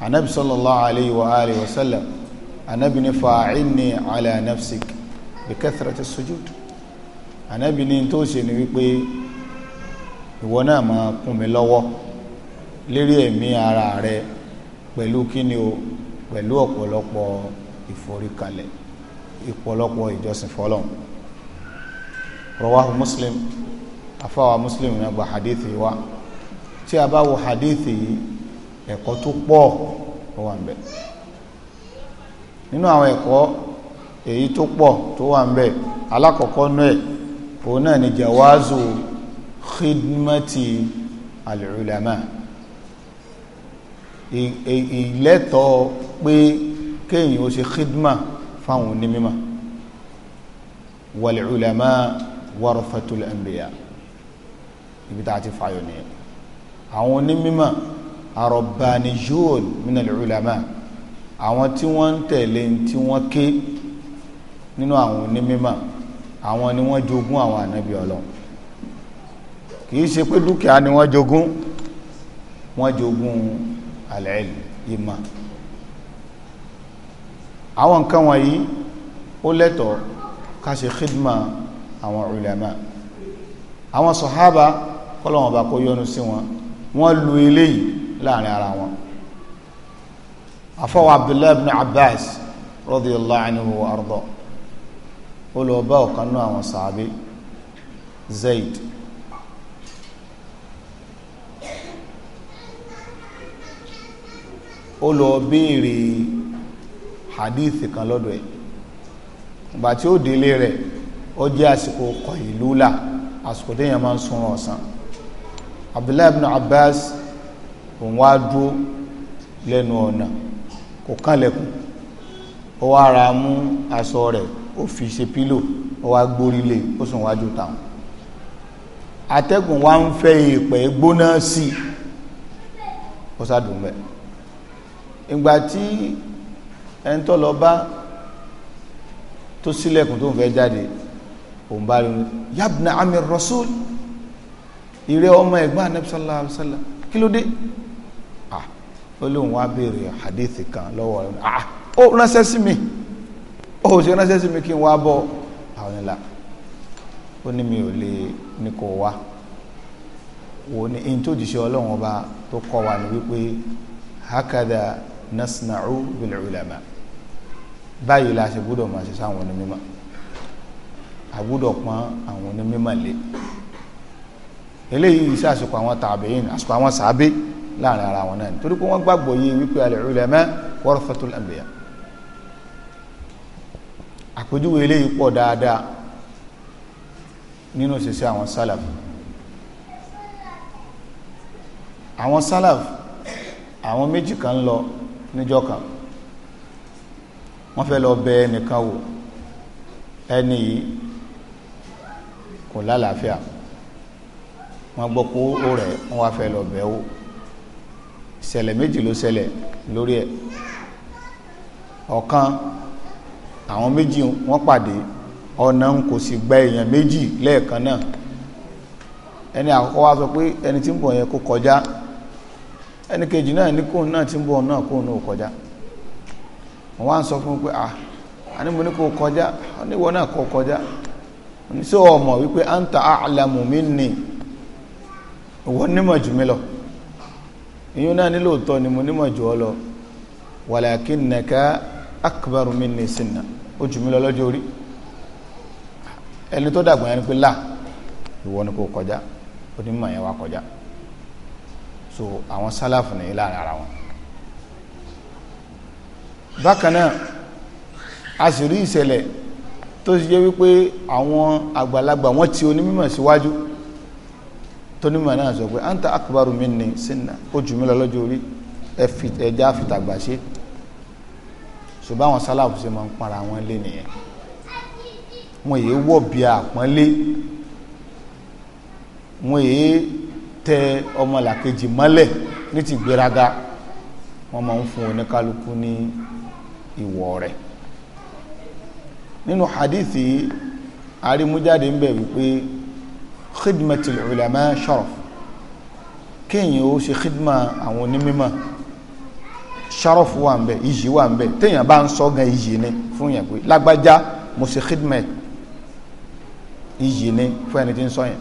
anabi sallallahu alayhi wa alihi wa sallam anabi ni fa'inni ala nafsik bi kathrati sujud anabi ni tó ṣe ni wípé ìwọ náà máa kún mi lọ́wọ́ lérí ẹ̀mí ara rẹ pẹ̀lú kíni o pẹ̀lú ọ̀pọ̀lọpọ̀ ìforíkalẹ̀ ìpọ̀lọpọ̀ ìjọsìn fọ́lọ́run rawahu muslim afáwa muslim náà gba hadithi wa tí a bá wo hadithi yìí ẹ̀kọ́ tó pọ̀ ó wà ń bẹ̀ nínú àwọn ẹ̀kọ́ èyí tó pọ̀ tó wà ń bẹ̀ alákọ̀ọ́kọ́ náà ẹ̀ òun náà ni jawazu khidmati al-ulama ìlẹ́tọ̀ pé kéyìn ó ṣe khidma fáwọn onímímọ̀ wal-ulama warathatul anbiya ibi tá a ti fàyọ nìyẹn àwọn onímọ̀ arọ̀bàníyóòn minal ulama àwọn tí wọ́n ń tẹ̀lé tí wọ́n ké nínú àwọn onímọ̀ àwọn ni wọ́n jogún àwọn ànábì ọlọ́run kìí ṣe pé dúkìá ni wọ́n jogún wọ́n jogún àlẹ́ẹ̀lì ìmọ̀ àwọn nǹkan wọ̀nyí ó lẹ́tọ̀ọ́ ká ṣe khidma àwọn ulama àwọn sọ̀hábà kọ́lọ́wọ́n bá kó yọ́nú sí wọn wọ́n lu eléyìí láàrin ara wọn afọwọ́ abdullahi ibn abbas radiyallahu anhu wa arda ó lọ bá ọ̀kan náà àwọn sàábé zaid ó lọ béèrè hadith kan lọ́dọ̀ ẹ̀ ìgbà ó délé rẹ̀ ó jẹ́ àsìkò kọ̀ìlúlà àsìkò téèyàn máa ń sunrun ọ̀sán abdullahi ibn abbas òun wá dúró lẹ́nu ọ̀nà kò kànlẹ̀kùn ó wá ra mú aṣọ rẹ̀ ó fi ṣe pílò ó wá gbórílé ó sùn wájú táwọn atẹ́gùn wá ń fẹ́ ìpẹ́ gbóná sí ó sádùn bẹ́ẹ̀ ìgbà tí ẹni tó lọ bá tó ṣílẹ̀kùn tó ń fẹ́ jáde òun bá rí yabna amir rasul ìrẹ ọmọ ẹ̀gbọ́n anabi sallallahu alaihi wasallam kí ló dé ah ó lóun wá béèrè hadith kan lọ́wọ́ rẹ̀ ah ó ránṣẹ́ sí mi ó ṣe ránṣẹ́ sí mi kí n wá bọ̀ àwọn ìlà ó ní mi ò lè ní kò wá wò ní in tó jíṣẹ́ ọlọ́run ọba tó kọ́ wa ní wípé hakada nasna'u bil báyìí la ṣe gbọ́dọ̀ máa ṣe sáwọn onímọ̀ àgbọ́dọ̀ pọ́n àwọn onímọ̀ lé eléyìí sí àsìkò àwọn tàbíyìn àsìkò àwọn sàábé láàrin ara wọn náà ni torí pé wọ́n gbàgbọ́ yìí wípé al-ulama warathatul anbiya àpèjúwe eléyìí pọ̀ dáadáa nínú ṣiṣẹ́ àwọn sálàf àwọn sálàf àwọn méjì kan lọ níjọ́ kan wọ́n fẹ́ lọ bẹ ẹnìkan wò ẹni yìí kò lálàáfíà la wọ́n gbọ́ pé o rẹ̀ wọ́n wá fẹ́ lọ bẹ̀ o ìṣẹ̀lẹ̀ méjì ló ṣẹlẹ̀ lórí ẹ̀ ọ̀kan àwọn méjì wọn pàdé ọ̀nà ń kò sì gba èèyàn méjì lẹ́ẹ̀kan náà ẹni àkọ́kọ́ wá sọ pé ẹni tí ń bọ̀ yẹn kó kọjá ẹni kejì náà ní kóun náà ti ń bọ̀ náà kóun náà kọjá wọ́n wá ń sọ fún pé à àní mo ní kó kọjá oníwọ náà kó kọjá oníṣòwò ọmọ wípé anta a'lamu minni wọ́n nímọ̀ jù mí lọ ìyún náà nílò tọ́ ni mo nímọ̀ jù ọ lọ walakinnaka akbaru minni sinna ó jù mí lọ lọ́jọ́ orí ẹni tó dàgbà yẹn ni pé là ìwọ ni kò kọjá ó ní mọ̀ yẹn wá kọjá so àwọn sálàfù ní láàrin ara wọn bákan náà a sì rí ìṣẹ̀lẹ̀ tó ṣe jẹ́ wípé àwọn àgbàlagbà wọ́n ti onímọ̀ síwájú si tónímọ̀ náà sọ pé anta akbaru minni sinna ó jù mí lọ lọ́jọ́ orí ẹja fìtàgbà ṣe ṣùgbọ́n àwọn sálàfù sí máa ń para wọn lé nìyẹn wọn èyí wọ̀ bí àpọ́nlé wọn èyí tẹ ọmọlàkejì mọ́lẹ̀ ní ti gbéraga wọn máa ń fún oníkálukú ní ìwọ̀ rẹ̀ nínú hadithi arimujáde ń bẹ̀ wípé khidmatul ulama sharaf kéèyàn ó ṣe khidma àwọn onímọ̀ sharaf wà ń bẹ iyì wà ń bẹ téèyàn bá ń sọ gan iyì ni fún yẹn pé lágbájá mo ṣe khidma iyì ni fún ẹni tí ń sọ yẹn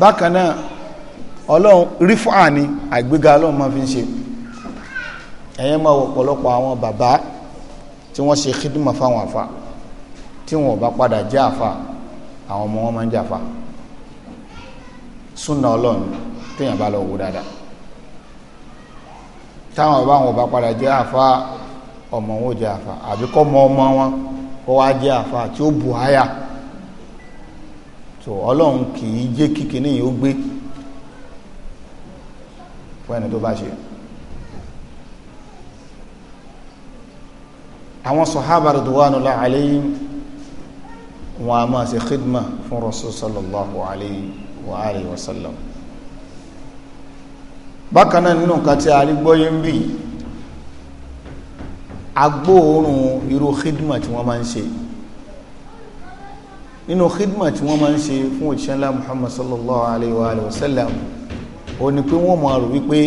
bákan náà ọlọ́run rífà ni àgbéga ọlọ́run máa fi ń ṣe ẹ̀yẹ́ máa wọ ọ̀pọ̀lọpọ̀ àwọn bàbá tí wọ́n ṣe khidma fáwọn àfa tí wọn ò bá padà jẹ́ àfa àwọn ọmọ wọn máa ń jàfa súnà ọlọ́run téèyàn bá lọ wò dáadáa táwọn ọba wọn bá padà jẹ́ àfa ọmọ wọn ò jẹ́ àfa àbí kọ́ mọ ọmọ wọn kó wá jẹ́ àfa tí ó bù háyà tó ọlọ́run kì í jẹ́ kíkiní yìí ó gbé fún ẹni tó bá ṣe àwọn sọ̀hábà radwanullahi alayhim wọn a máa ṣe khidma fún rasul sallallahu alayhi wa alayhi wa sallam bákan náà nínú nǹkan tí a rí gbọ́yé ń bì agbóòórùn irú khidma tí wọ́n máa ń ṣe nínú khidma tí wọ́n máa ń ṣe fún òṣìṣẹ́lá muhammad sallallahu alayhi wa sallam ó ní pé wọ́n máa rò wípé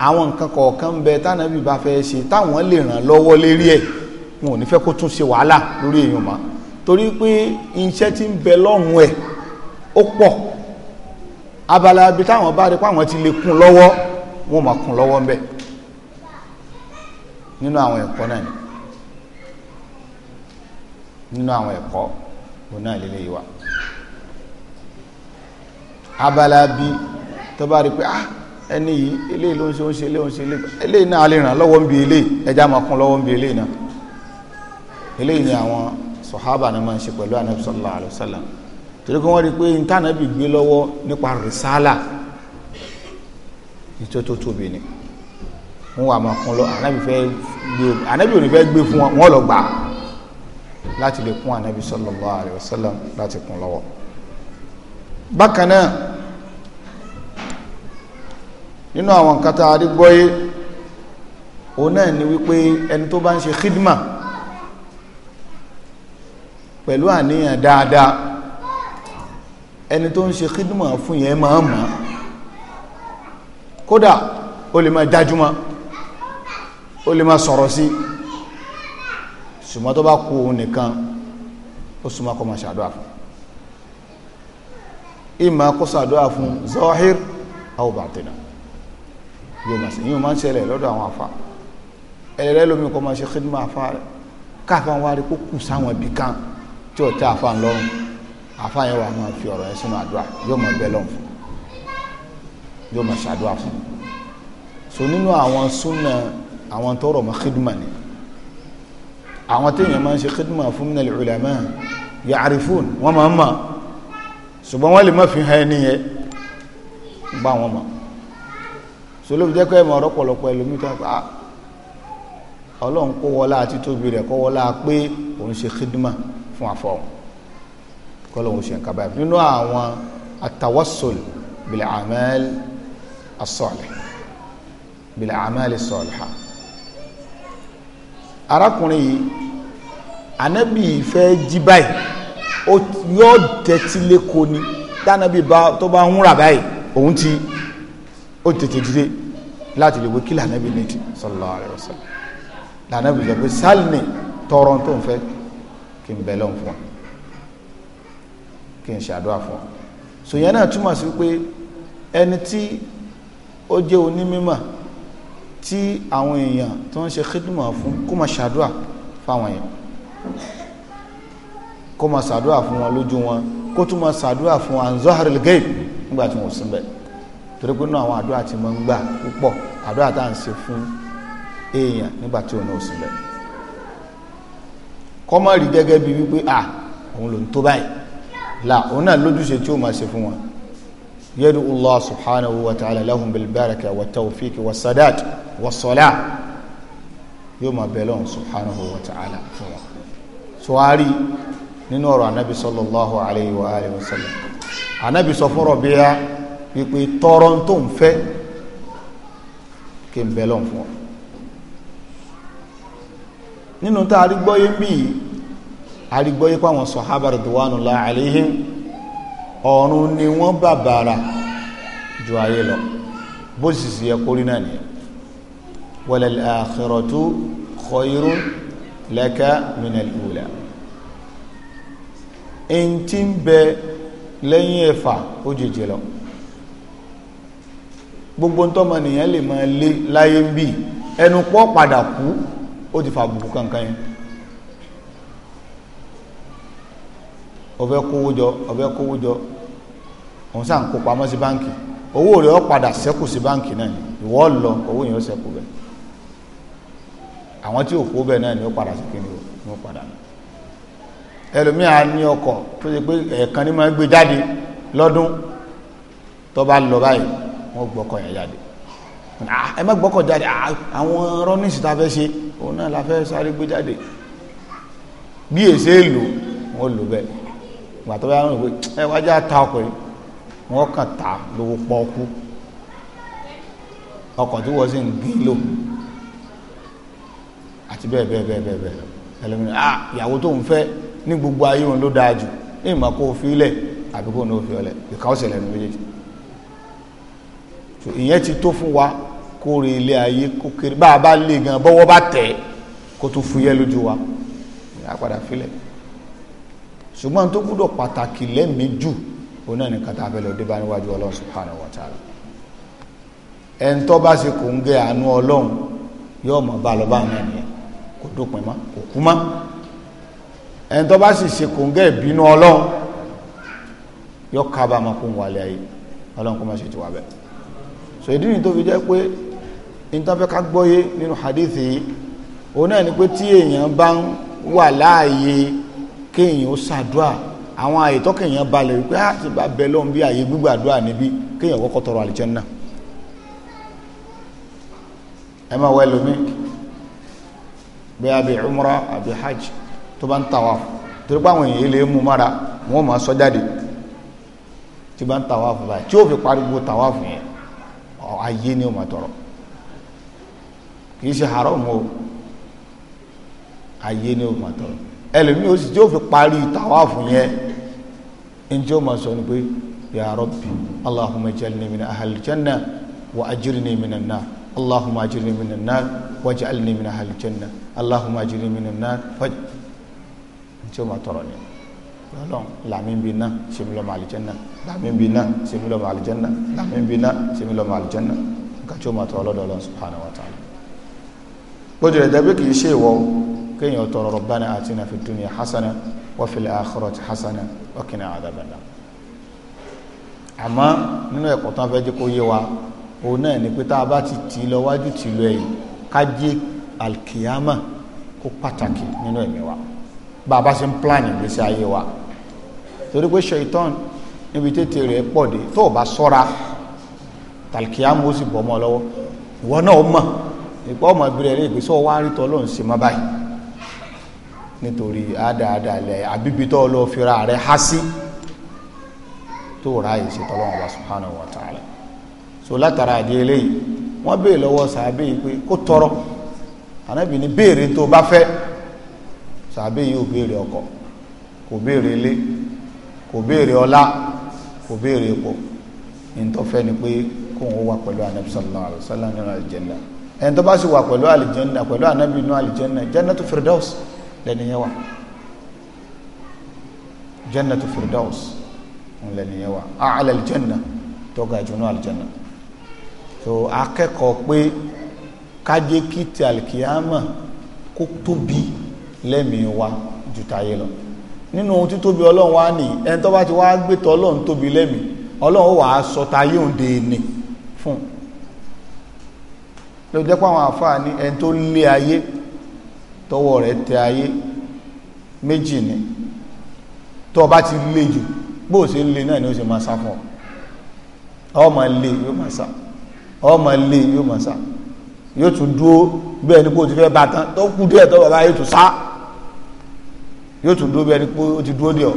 àwọn nǹkan kọ̀ọ̀kan bẹ tánàbí bá fẹ́ ṣe táwọn lè ràn lọ́wọ́ lérí ẹ̀ wọn ò ní fẹ́ kó tún ṣe wàhálà lórí èèyàn máa torí pé iṣẹ́ tí ń bẹ lọ́rùn ẹ̀ ó pọ̀ abala ibi táwọn bá rí àwọn ti lè kún lọ́wọ́ wọn máa kún lọ́wọ́ ń nínú àwọn ẹ̀kọ́ náà ni nínú àwọn ẹ̀kọ́ òun náà lè léyìí wà abala bi tó bá pé ah ẹni yìí eléyìí ló ń ṣe ó ń ṣe eléyìí ó ń ṣe eléyìí náà lè ràn lọ́wọ́ ń bi eléyìí ẹja máa kún lọ́wọ́ ń bi eléyìí sọ̀hábà náà máa ń ṣe pẹ̀lú anabi sallallahu alayhi wa sallam torí kí wọ́n rí i pé ntànàbì gbé lọ́wọ́ nípa rìsálà ìtò tó tóbi ni wọ́n wà máa kún lọ anabi fẹ́ gbé anabi ò ní fẹ́ gbé fún wọn lọ gbà láti lè kún anabi sallallahu alayhi wa sallam láti kún lọ́wọ́ bákan náà nínú àwọn nǹkan tá òun náà ni wípé ẹni tó bá ń ṣe khidma pẹ̀lú àníyàn dáadáa ẹni tó ń ṣe kídùmọ̀ fún yẹn máa mọ̀ kódà ó lè máa dájúmọ́ ó lè máa sọ̀rọ̀ sí ṣùgbọ́n tó bá kú òun nìkan ó súnmọ́ kó máa ṣàdúrà fún ìmọ̀ kó ṣàdúrà fún zohir aw batina yóò máa ṣe yíò máa ń ṣẹlẹ̀ lọ́dọ̀ àwọn afá ẹ̀rẹ́ lómi kó máa ṣe kídùmọ̀ afá rẹ̀ káfà wá kó kù sáwọn ibì kan tí o tẹ àfa ńlọrun àfa yẹn wà máa fi ọ̀rọ̀ yẹn sínú àdúrà yóò máa bẹ lọ́hùn fún yóò máa ṣàdúrà fún so nínú àwọn súnà àwọn tó rọ̀ mọ́ khidma ni àwọn téèyàn máa ń ṣe khidma fún mi nàlẹ́ ulama ya'rifun wọ́n máa ń mọ̀ ṣùgbọ́n wọ́n lè má fi hàn ẹni yẹn bá wọn mọ̀ solóbi jẹ́ kẹ́ ọ̀rọ̀ pọ̀lọpọ̀ ẹlòmítà pa ah, ọlọ́run kó wọlá àti tóbi rẹ̀ kó wọlá pé òun ṣe khidma fún àfọ̀hún kọ́lọ́hún ṣe nǹkan báyìí nínú àwọn atawassul bil amal as-salih bil amal as-salihah arákùnrin yìí anabi fẹ́ jí báyìí ó yọ tẹ́tí lẹ́kọ̀ọ́ ni tánabi tó bá ń rà báyìí òun ti ó tètè dìde láti lè wé kí lànàbì nìyí sallallahu alaihi wasallam lànàbì sọ pé tọrọ tó ń fẹ́ kí n bẹ lọ́n fún ọ kí n ṣàdúrà fún ọ sòyẹn náà túmọ̀ sí pé ẹni tí ó jẹ́ onímímọ̀ tí àwọn èèyàn tó ń ṣe kídùmọ̀ fún kó máa ṣàdúrà fáwọn èèyàn kó máa ṣàdúrà fún wọn lójú wọn kó tún máa ṣàdúrà fún wọn anzoharil nígbà tí wọn ò síbẹ̀ torí pé náà àwọn àdúrà ti máa ń gbà púpọ̀ àdúrà tá à ń ṣe fún èèyàn nígbà tí òun ò síbẹ̀ kọ́mọ̀ rí gẹ́gẹ́ bí wípé à òun ló ń tó báyìí la òun náà lójúṣe tí ó máa ṣe fún wa yadu allah subhanahu wa ta'ala lahum bil baraka wa tawfiq wa sadat wa salah yóò máa bẹ̀ lọ́hùn subhanahu wa ta'ala fún wa tuwari nínú ọ̀rọ̀ anabi sallallahu alayhi wa nínú tá àrígbọ́yé bí i àrígbọ́yé pàwọn sọ̀hábà ridwanullahi alaihim ọ̀run ni wọ́n bàbàrà ju ayé lọ bó sì sì yẹ kó rí náà nìyẹn walal akhiratu khayrun laka minal ula ẹni tí ń bẹ lẹ́yìn ẹ̀fà ó jèjì lọ gbogbo ń tọ́mọ nìyẹn lè máa lé láyé ń bì ẹnu pọ́ padà kú ó ti fa àbùkù kankan yẹn ọfẹ́ kówó jọ ọfẹ́ kówó jọ òun sáà ń kó pamọ́ sí báǹkì owó rẹ̀ ó padà ṣẹ́kù sí báǹkì náà ìwọ lọ owó yẹn ó ṣẹ́kù bẹ́ẹ̀ àwọn tí ò kó bẹ́ẹ̀ náà ni ó padà sí kíni o ni ó padà náà ẹlòmíà ní ọkọ̀ tó ṣe pé ẹ̀ẹ̀kan ní máa gbé jáde lọ́dún tó lọ báyìí wọ́n gbọ́kọ̀ yẹn jáde ah, ẹ má gbọ́kọ̀ jáde ah, àwọn rọ́nìsì tá a fẹ́ ṣe òun náà la fẹ́ sáré gbé jáde bí èsè èlò wọn lò bẹ́ẹ̀ ìgbà tó bá wọn pé ẹ wájà ta ọkọ̀ yìí kàn ta lówó pọ́ọ́kú ọkọ̀ tí wọ́n sì ń gbé lò àti bẹ́ẹ̀ bẹ́ẹ̀ bẹ́ẹ̀ bẹ́ẹ̀ ah ìyàwó tó ń fẹ́ ní gbogbo ayé òun ló dáa jù ní ìmọ̀ kó o fi lẹ̀ àbí kó o ní o fi ti tó fún wa kóre ilé ayé kó kéré bá a bá lè gan bọ́wọ́ bá tẹ̀ kó tó fúyẹ́ lójú wa a padà filẹ̀ ṣùgbọ́n tó gbúdọ̀ pàtàkì lẹ́mìí jù òun náà nìkan tá a fẹ́ lọ dé bá níwájú ọlọ́run subhanahu wa ta'ala ẹni tó bá ṣe kò ń gẹ àánú ọlọ́run yóò mọ̀ bá lọ bá àwọn ènìyàn kò dópin mọ́ kò kú mọ́ ẹni tó bá sì ṣe kò ń gẹ ìbínú ọlọ́run yóò kábàámọ̀ kó ń wálé ayé ọlọ́run kó má ṣe ti wà bẹ́ẹ̀ so ìdí nìyí tó fi jẹ́ pé ìtọ́fẹ́ ká gbọ́yé nínú hadithi òun náà ni pé tí èèyàn bá ń wà láàyè kéèyàn ó ṣàdúà àwọn àyè tó kéèyàn balẹ̀ wípé á ah, ti bá bẹ lọ́n bí àyè gbígbàdúà níbí kéèyàn kọ́kọ́ tọrọ àlùjánnà ẹ máa wọ ẹlòmí bí abẹ umra àbí hajj tó bá ń tawaf torí pé àwọn èèyàn ilé mú mára wọn máa sọ jáde tí bá ń tawaf báyìí tí ó fi pariwo tawaf yẹn àyè ni ó máa tọrọ kìí ṣe haram o ayé ni o mọ̀ tọ́ ẹlòmí o sì tí ó fi parí tàwáàfù yẹn ní tí ó mọ̀ sọ ni pé ya rabbi allahumma jalni min ahli janna wa ajirni minan nar allahumma ajirni minan nar wa jalni min ahli janna allahumma ajirni minan nar wa tí ó mọ̀ tọrọ ni lọ́lọ́n làmì bí ná ṣe mi lọ́mọ àlìjẹ́nà làmì bí ná ṣe mi lọ́mọ àlìjẹ́nà làmì bí ná ṣe mi lọ́mọ àlìjẹ́nà nǹkan tí ó mọ̀ tọrọ lọ́dọ̀ Allah subhanahu wa bó tilẹ̀ jẹ́ pé kìí ṣe ìwọ kéèyàn tọrọ rabbana atina fid dunya hasana wa fil akhirati hasana wa qina adhaban nar àmọ́ nínú ẹ̀kọ́ tán fẹ́ jẹ́ kó yé wa òun náà ni pé tá bá ti tì lọ wájú tì lọ ẹ̀yìn ká alkiyama kó pàtàkì nínú ẹ̀mí wa bá a bá ṣe ń plan ìgbésí ayé wa torí pé ṣèitán níbi tètè rẹ̀ pọ̀ dé tó o bá sọ́ra talkiyama ó sì bọ́ mọ́ lọ́wọ́ ìwọ náà ó mọ̀ ìpọ́ ọmọ ìbílẹ̀ rẹ̀ ìgbésọ́ wá rí tọ́lọ́ ń ṣe mọ́ báyìí nítorí àdáadáalẹ̀ àbíbi tó lọ fira rẹ̀ há sí tó ráyè ṣe tọ́lọ́wọ́n wa subhanahu wa ta'ala so látara àdé eléyìí wọ́n béèrè lọ́wọ́ sàábé yìí pé kó tọrọ ànábì ní béèrè tó bá fẹ́ sàábé yìí ò béèrè ọkọ̀ kò béèrè ilé kò béèrè ọlá kò béèrè ipò ní ni pé kóun ó wà pẹ̀lú ànábì sallallahu alaihi wasallam nínú àlùjánnà ẹni tó bá sì wà pẹ̀lú àlìjẹ́nà pẹ̀lú ànábì inú àlìjẹ́nà jannatu firdaus lẹ́nìyẹn wà jannatu firdaus lẹ́nìyẹn wà àlẹ́ àlìjẹ́nà tó ga jù inú àlìjẹ́nà so akẹ́kọ̀ọ́ pé kájé kí ti àlìkìyàmà kó tóbi lẹ́mìí wa ju tayé lọ nínú ohun tí tóbi ọlọ́run wá nìyí ẹni tó bá ti wá gbé tọ́ ọlọ́run tóbi lẹ́mìí ọlọ́run wàá sọ tayé òun dèé ni. So, ló jẹ́ pàwọn àfáà ní ẹni tó lé ayé tọwọ́ rẹ̀ tẹ ayé méjì ni tó bá ti lé jù bó ṣe lé náà ni ó ṣe máa sá fún ọ ọmọ lé yóò máa sá ọmọ lé yóò máa sá yóò tún dúó bẹ́ẹ̀ ni kó o ti fẹ́ bá tán tó kú díẹ̀ tó bàbá yóò tún sá yóò tún dúó bẹ́ẹ̀ ni pé ó ti dúó díẹ̀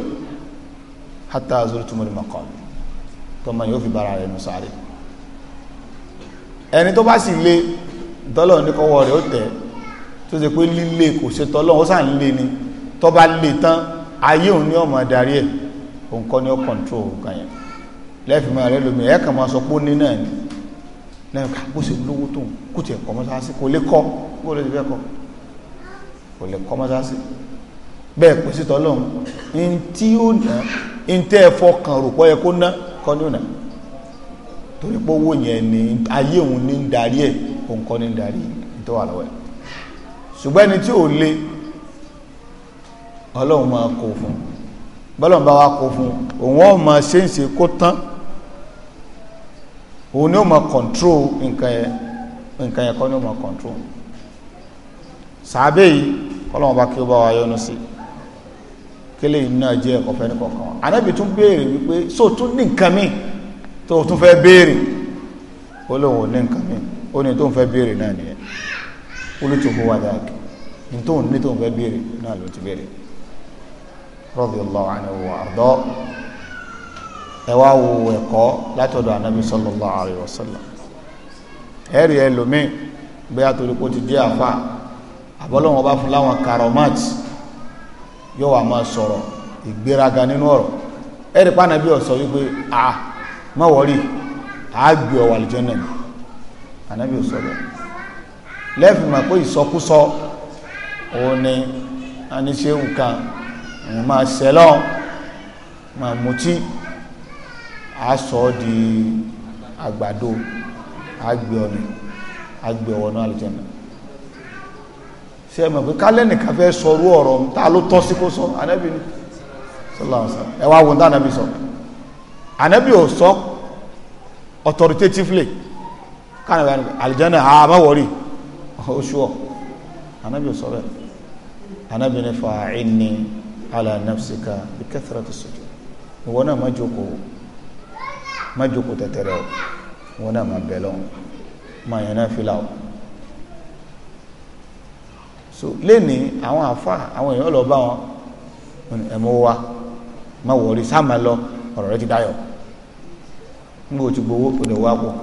hátà zoro túnmọ̀ ní makọ́ tọmọ yóò fi bára rẹ̀ nù sáré ẹni tó bá sì le tọ́lọ̀ ní kọwọ́ rẹ̀ ó tẹ̀ tó ṣe pé líle kò ṣe tọ́lọ̀ ó sàn lè ni tó bá lè tán ayé òun ní ọmọ adarí ẹ̀ òun kọ́ ní ó control kan yẹn lẹ́fìmọ rẹ lómi ẹ̀ kàn máa sọ pé ó ní náà ni lẹ́yìn ká ah, bó ṣe lówó tó kù tiẹ̀ kọ́ mọ́sáàsì kò lè kọ́ kó lè fẹ́ kọ́ kò lè kọ́ mọ́sáàsì bẹ́ẹ̀ pèsè tọ́lọ̀ ń tí ó ná ń tẹ́ ẹ fọkàn rò pọ́ yẹ kó ná kọ́ ní ò náà torí pé owó yẹn ni ayé òun ní ń darí ẹ̀ òun kọ́ ní ń darí tó wà lọ́wọ́ ẹ̀ ṣùgbọ́n ẹni tí ò le ọlọ́run máa kó fún bọ́lọ̀n bá wa kó fún òun ó máa ṣe ń ṣe kó tán òun ni ó máa kọ̀ntró nǹkan yẹn nǹkan yẹn kọ́ ni ó máa kọ̀ntró sàábẹ́ yìí kọ́lọ́run bá kí ó bá wa yọ́nú sí kí lè náà jẹ́ ẹ̀kọ́ fẹ́ ní kọ̀ọ̀kan anábì tún béèrè wípé sóòtún ní nǹkan míì tó tún fẹ́ béèrè ó lóun ò ní nǹkan mi ó ní tó ń fẹ́ béèrè náà nìyẹn ó ló ti kó wá dáàkì ní tó ń ní tó ń fẹ́ béèrè náà ló ti béèrè radiyallahu anhu wa arda ẹ wá wo ẹ̀kọ́ látọ̀dọ̀ anabi sallallahu alayhi wa sallam ẹ̀rí Ma wọ́rí àágbé ọ̀wà àlùjọ́nà ni ànábì ò sọ̀rọ̀ lẹ́ẹ̀fì mà pé ìsọkúsọ òun ni aníṣẹ́wù kan òun máa ṣẹlọ́ máa mutí àásọ di àgbàdo àágbé ọ̀nà àágbé ọ̀wọ̀nà àlùjọ́nà ṣe mọ̀ pé kálẹ́nì kan fẹ́ sọrú ọ̀rọ̀ ta ló tọ́ sí kó sọ ànábì ni sọlá ọ̀sán ẹ wá wo ní ànábì anabi ò sọ authoritatively kánà bá alìjánà àmà wọ̀rí oṣù ọ̀ anabi ò sọ bẹ́ẹ̀ anabi ní fa inni ala nafsika bi kathrati sujud ìwọ náà má jókòó má jókòó tẹ̀tẹ̀rẹ̀ o ìwọ náà má bẹ̀ lọ́wọ́ má yẹn náà fi láwọ́ so lẹ́ni àwọn àfa àwọn èèyàn lọ bá wọn ẹ̀mọ́ wa má wọ̀rí sáà lọ ọ̀rọ̀ rẹ ti dáyọ̀ nígbà tí gbowó kò lè wá pọ̀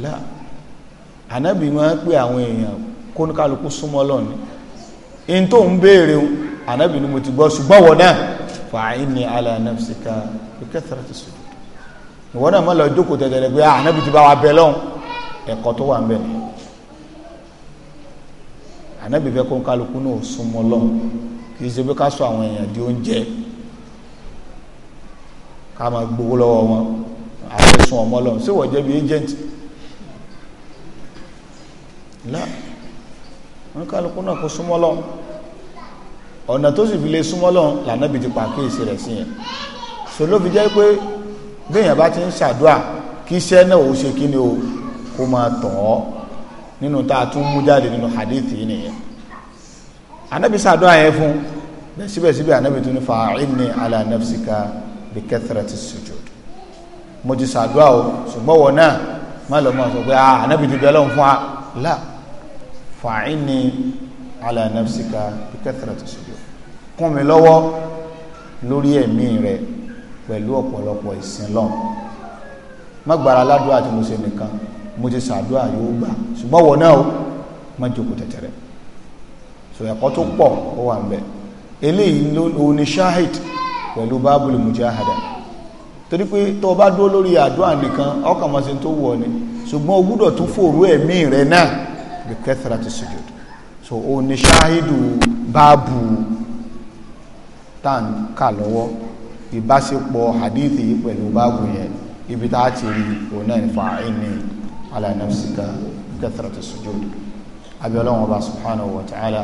là ànábì máa ń pè àwọn èèyàn kó ní kálukú súnmọ́ lọ́ni in tó ń béèrè ànábì ni mo ti gbọ́ ṣùgbọ́n wọ́n náà fa inni ala nafsika bi kathrati sujud ìwọ́n náà má lọ jókòó tẹ̀tẹ̀rẹ̀ pé ah, ànábì ti bá wa bẹ lọ́hùn ẹ̀kọ́ tó wà ń bẹ nìyẹn ànábì fẹ́ kó ń kálukú náà súnmọ́ lọ́hùn kì í ṣe pé ká sọ àwọn èèyàn di oúnjẹ ká máa gbowó lọ́wọ́ wọn àfẹsùn ọmọ lọ́hùn ṣé wọ́n jẹ́ bí agent lá oníkàlùkù náà kó súnmọ́ lọ́hùn ọ̀nà tó sì fi lè súnmọ́ lọ́hùn lànàbì ti pàkíyèsí rẹ̀ sí yẹn so ló fi jẹ́ pé béèyàn bá ti ń ṣàdúà kí iṣẹ́ náà ò ṣe kí ni o kó máa tọ̀ ọ́ nínú tá a tún mú jáde nínú hadith nìyẹn anabi ṣàdúà yẹn fún síbẹ̀síbẹ̀ anabi tún ní fa'inni ala nafsika bi kathrati sujud mo ti sàdúrà o ṣùgbọ́n wọn náà má lọ máa sọ pé ah anábì ti bẹ lọ́hùn fún wa là fa'inni ala nafsika bi kathrati sujud kún mi lọ́wọ́ lórí ẹ̀mí rẹ pẹ̀lú ọ̀pọ̀lọpọ̀ ìsìn lọ má gbára ládùúrà tí mo ṣe nìkan mo ti sàdúrà yóò gbà ṣùgbọ́n wọn náà o má jókòó tẹ̀tẹ̀rẹ̀ sọ ẹ̀kọ́ tó pọ̀ ó wà ń bẹ eléyìí ló ní shahid pẹ̀lú bábùlù mujahada torí pé tó bá dúró lórí àdúrà nìkan ọkàn mọ́ sí tó wù ọ́ ni ṣùgbọ́n o tún fòrú ẹ̀mí rẹ̀ náà bí kẹsàrà ti sujud so o ní ṣáhídù báàbù tá à ń kà lọ́wọ́ ìbáṣepọ̀ hadith yìí pẹ̀lú báàbù yẹn ibi tá a ti rí òun náà ní fa'inni ala nafsika kẹsàrà ti sujud abẹ́ ọlọ́run ọba subhanahu wa ta'ala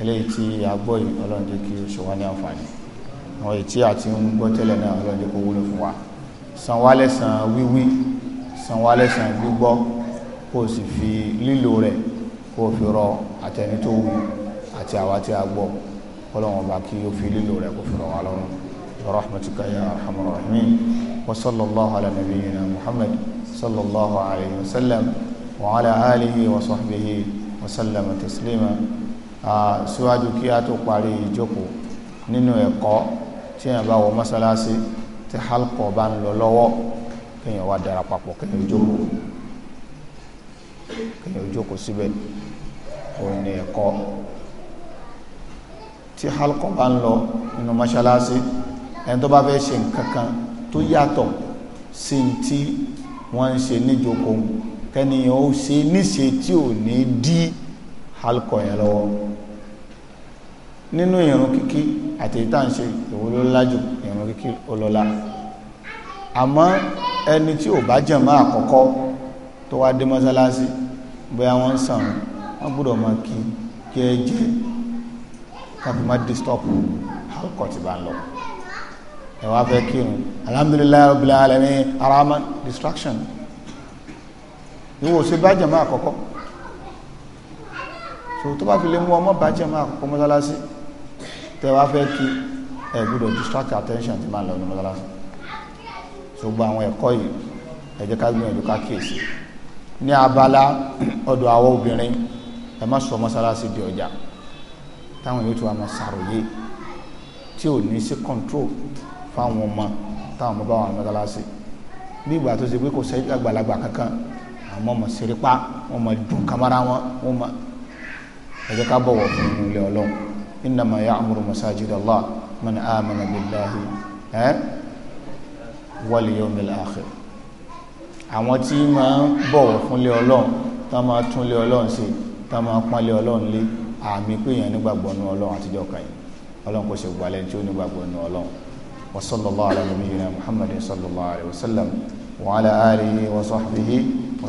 eléyìí tí a yìí ọlọ́run jẹ́ kí o ṣe wá ní àǹfààní àwọn ètí àti ń gbọ́ tẹ́lẹ̀ náà ọlọ́jọ́ kó wúlò fún wa san wá lẹ́san wíwí san wá lẹ́san gbígbọ́ kó o sì fi lílo rẹ̀ kó o fi rọ àtẹni tó wù àti àwa tí a gbọ́ ọlọ́wọ́n bá kí o fi lílo rẹ̀ kó fi rọ wa lọ́rùn rahmatika ya wa sallallahu ala nabiyyina muhammad sallallahu alayhi wa sallam wa ala alihi wa sahbihi wa sallama taslima síwájú kí a tó parí ìjókòó nínú ẹ̀kọ́ tíyàn bá wọ mọ́sálásí tí halkọ̀ bá ń lọ lọ́wọ́ kíyàn wá dara papọ̀ kíyàn jókòó kíyàn jókòó síbẹ̀ òun ni ẹ̀kọ́ tí halkọ̀ bá ń lọ nínú mọ́sálásí ẹni tó bá fẹ́ ṣe nǹkan tó yàtọ̀ sí tí wọ́n ń ṣe níjókòó kẹ́niyàn ó ṣe níṣe tí ò ní dí halkọ̀ yẹn lọ́wọ́ nínú ìrun kíkí àti ìta ń ṣe ìwò ló lájù ìrun kíkí olóla àmọ́ ẹni tí ò bá jẹ̀mọ́ àkọ́kọ́ tó wá dé mọ́sálásí bóyá wọ́n ń sàn wọ́n gbọ́dọ̀ máa kí kí ẹ jẹ́ káfí má disturb àkọ́kọ́ ti bá ń lọ ẹ wá fẹ́ kírun alhamdulilayi rabbil alamin arama distraction ìwò sí bá jẹ̀mọ́ àkọ́kọ́ so tó bá fi lè mú ọmọ bá jẹ̀mọ́ àkọ́kọ́ mọ́sálásí tẹ wá fẹ́ kí ẹ gbọ́dọ̀ distract your attention ti máa lọ ní mọ́sálásí ṣùgbọ́n àwọn ẹ̀kọ́ yìí ẹ jẹ́ ká gbìyànjú ká kíyèsí ní abala ọ̀dọ̀ àwọn obìnrin ẹ má sọ mọ́sálásí di ọjà táwọn yóò ti wá máa ṣàròyé tí ò ní sí control fáwọn ọmọ táwọn ọmọ bá wà ní mọ́sálásí bí ìgbà tó ṣe pé kò sẹ́yìn àgbàlagbà kankan àwọn ọmọ ṣerépa wọn mọ dùn kámárà wọn wọn mọ ẹ jẹ́ ká bọ̀wọ̀ fún ilé ọlọ́run إنما يعمر مساجد الله من آمن بالله واليوم الآخر àwọn tí máa ń bọ̀wọ̀ fúnlé ọlọ́run tá máa túnlé ọlọ́run ṣe tá máa pọ́nlé ọlọ́run lé àmì pé èèyàn nígbàgbọ́ nu ọlọ́run àtijọ́ kan yìí ọlọ́run kò ṣe gbalẹ̀ tí ó nígbàgbọ́ nu ọlọ́run wa sallallahu ala nabiyyina muhammadin sallallahu alayhi wa ala alihi wa sahbihi wa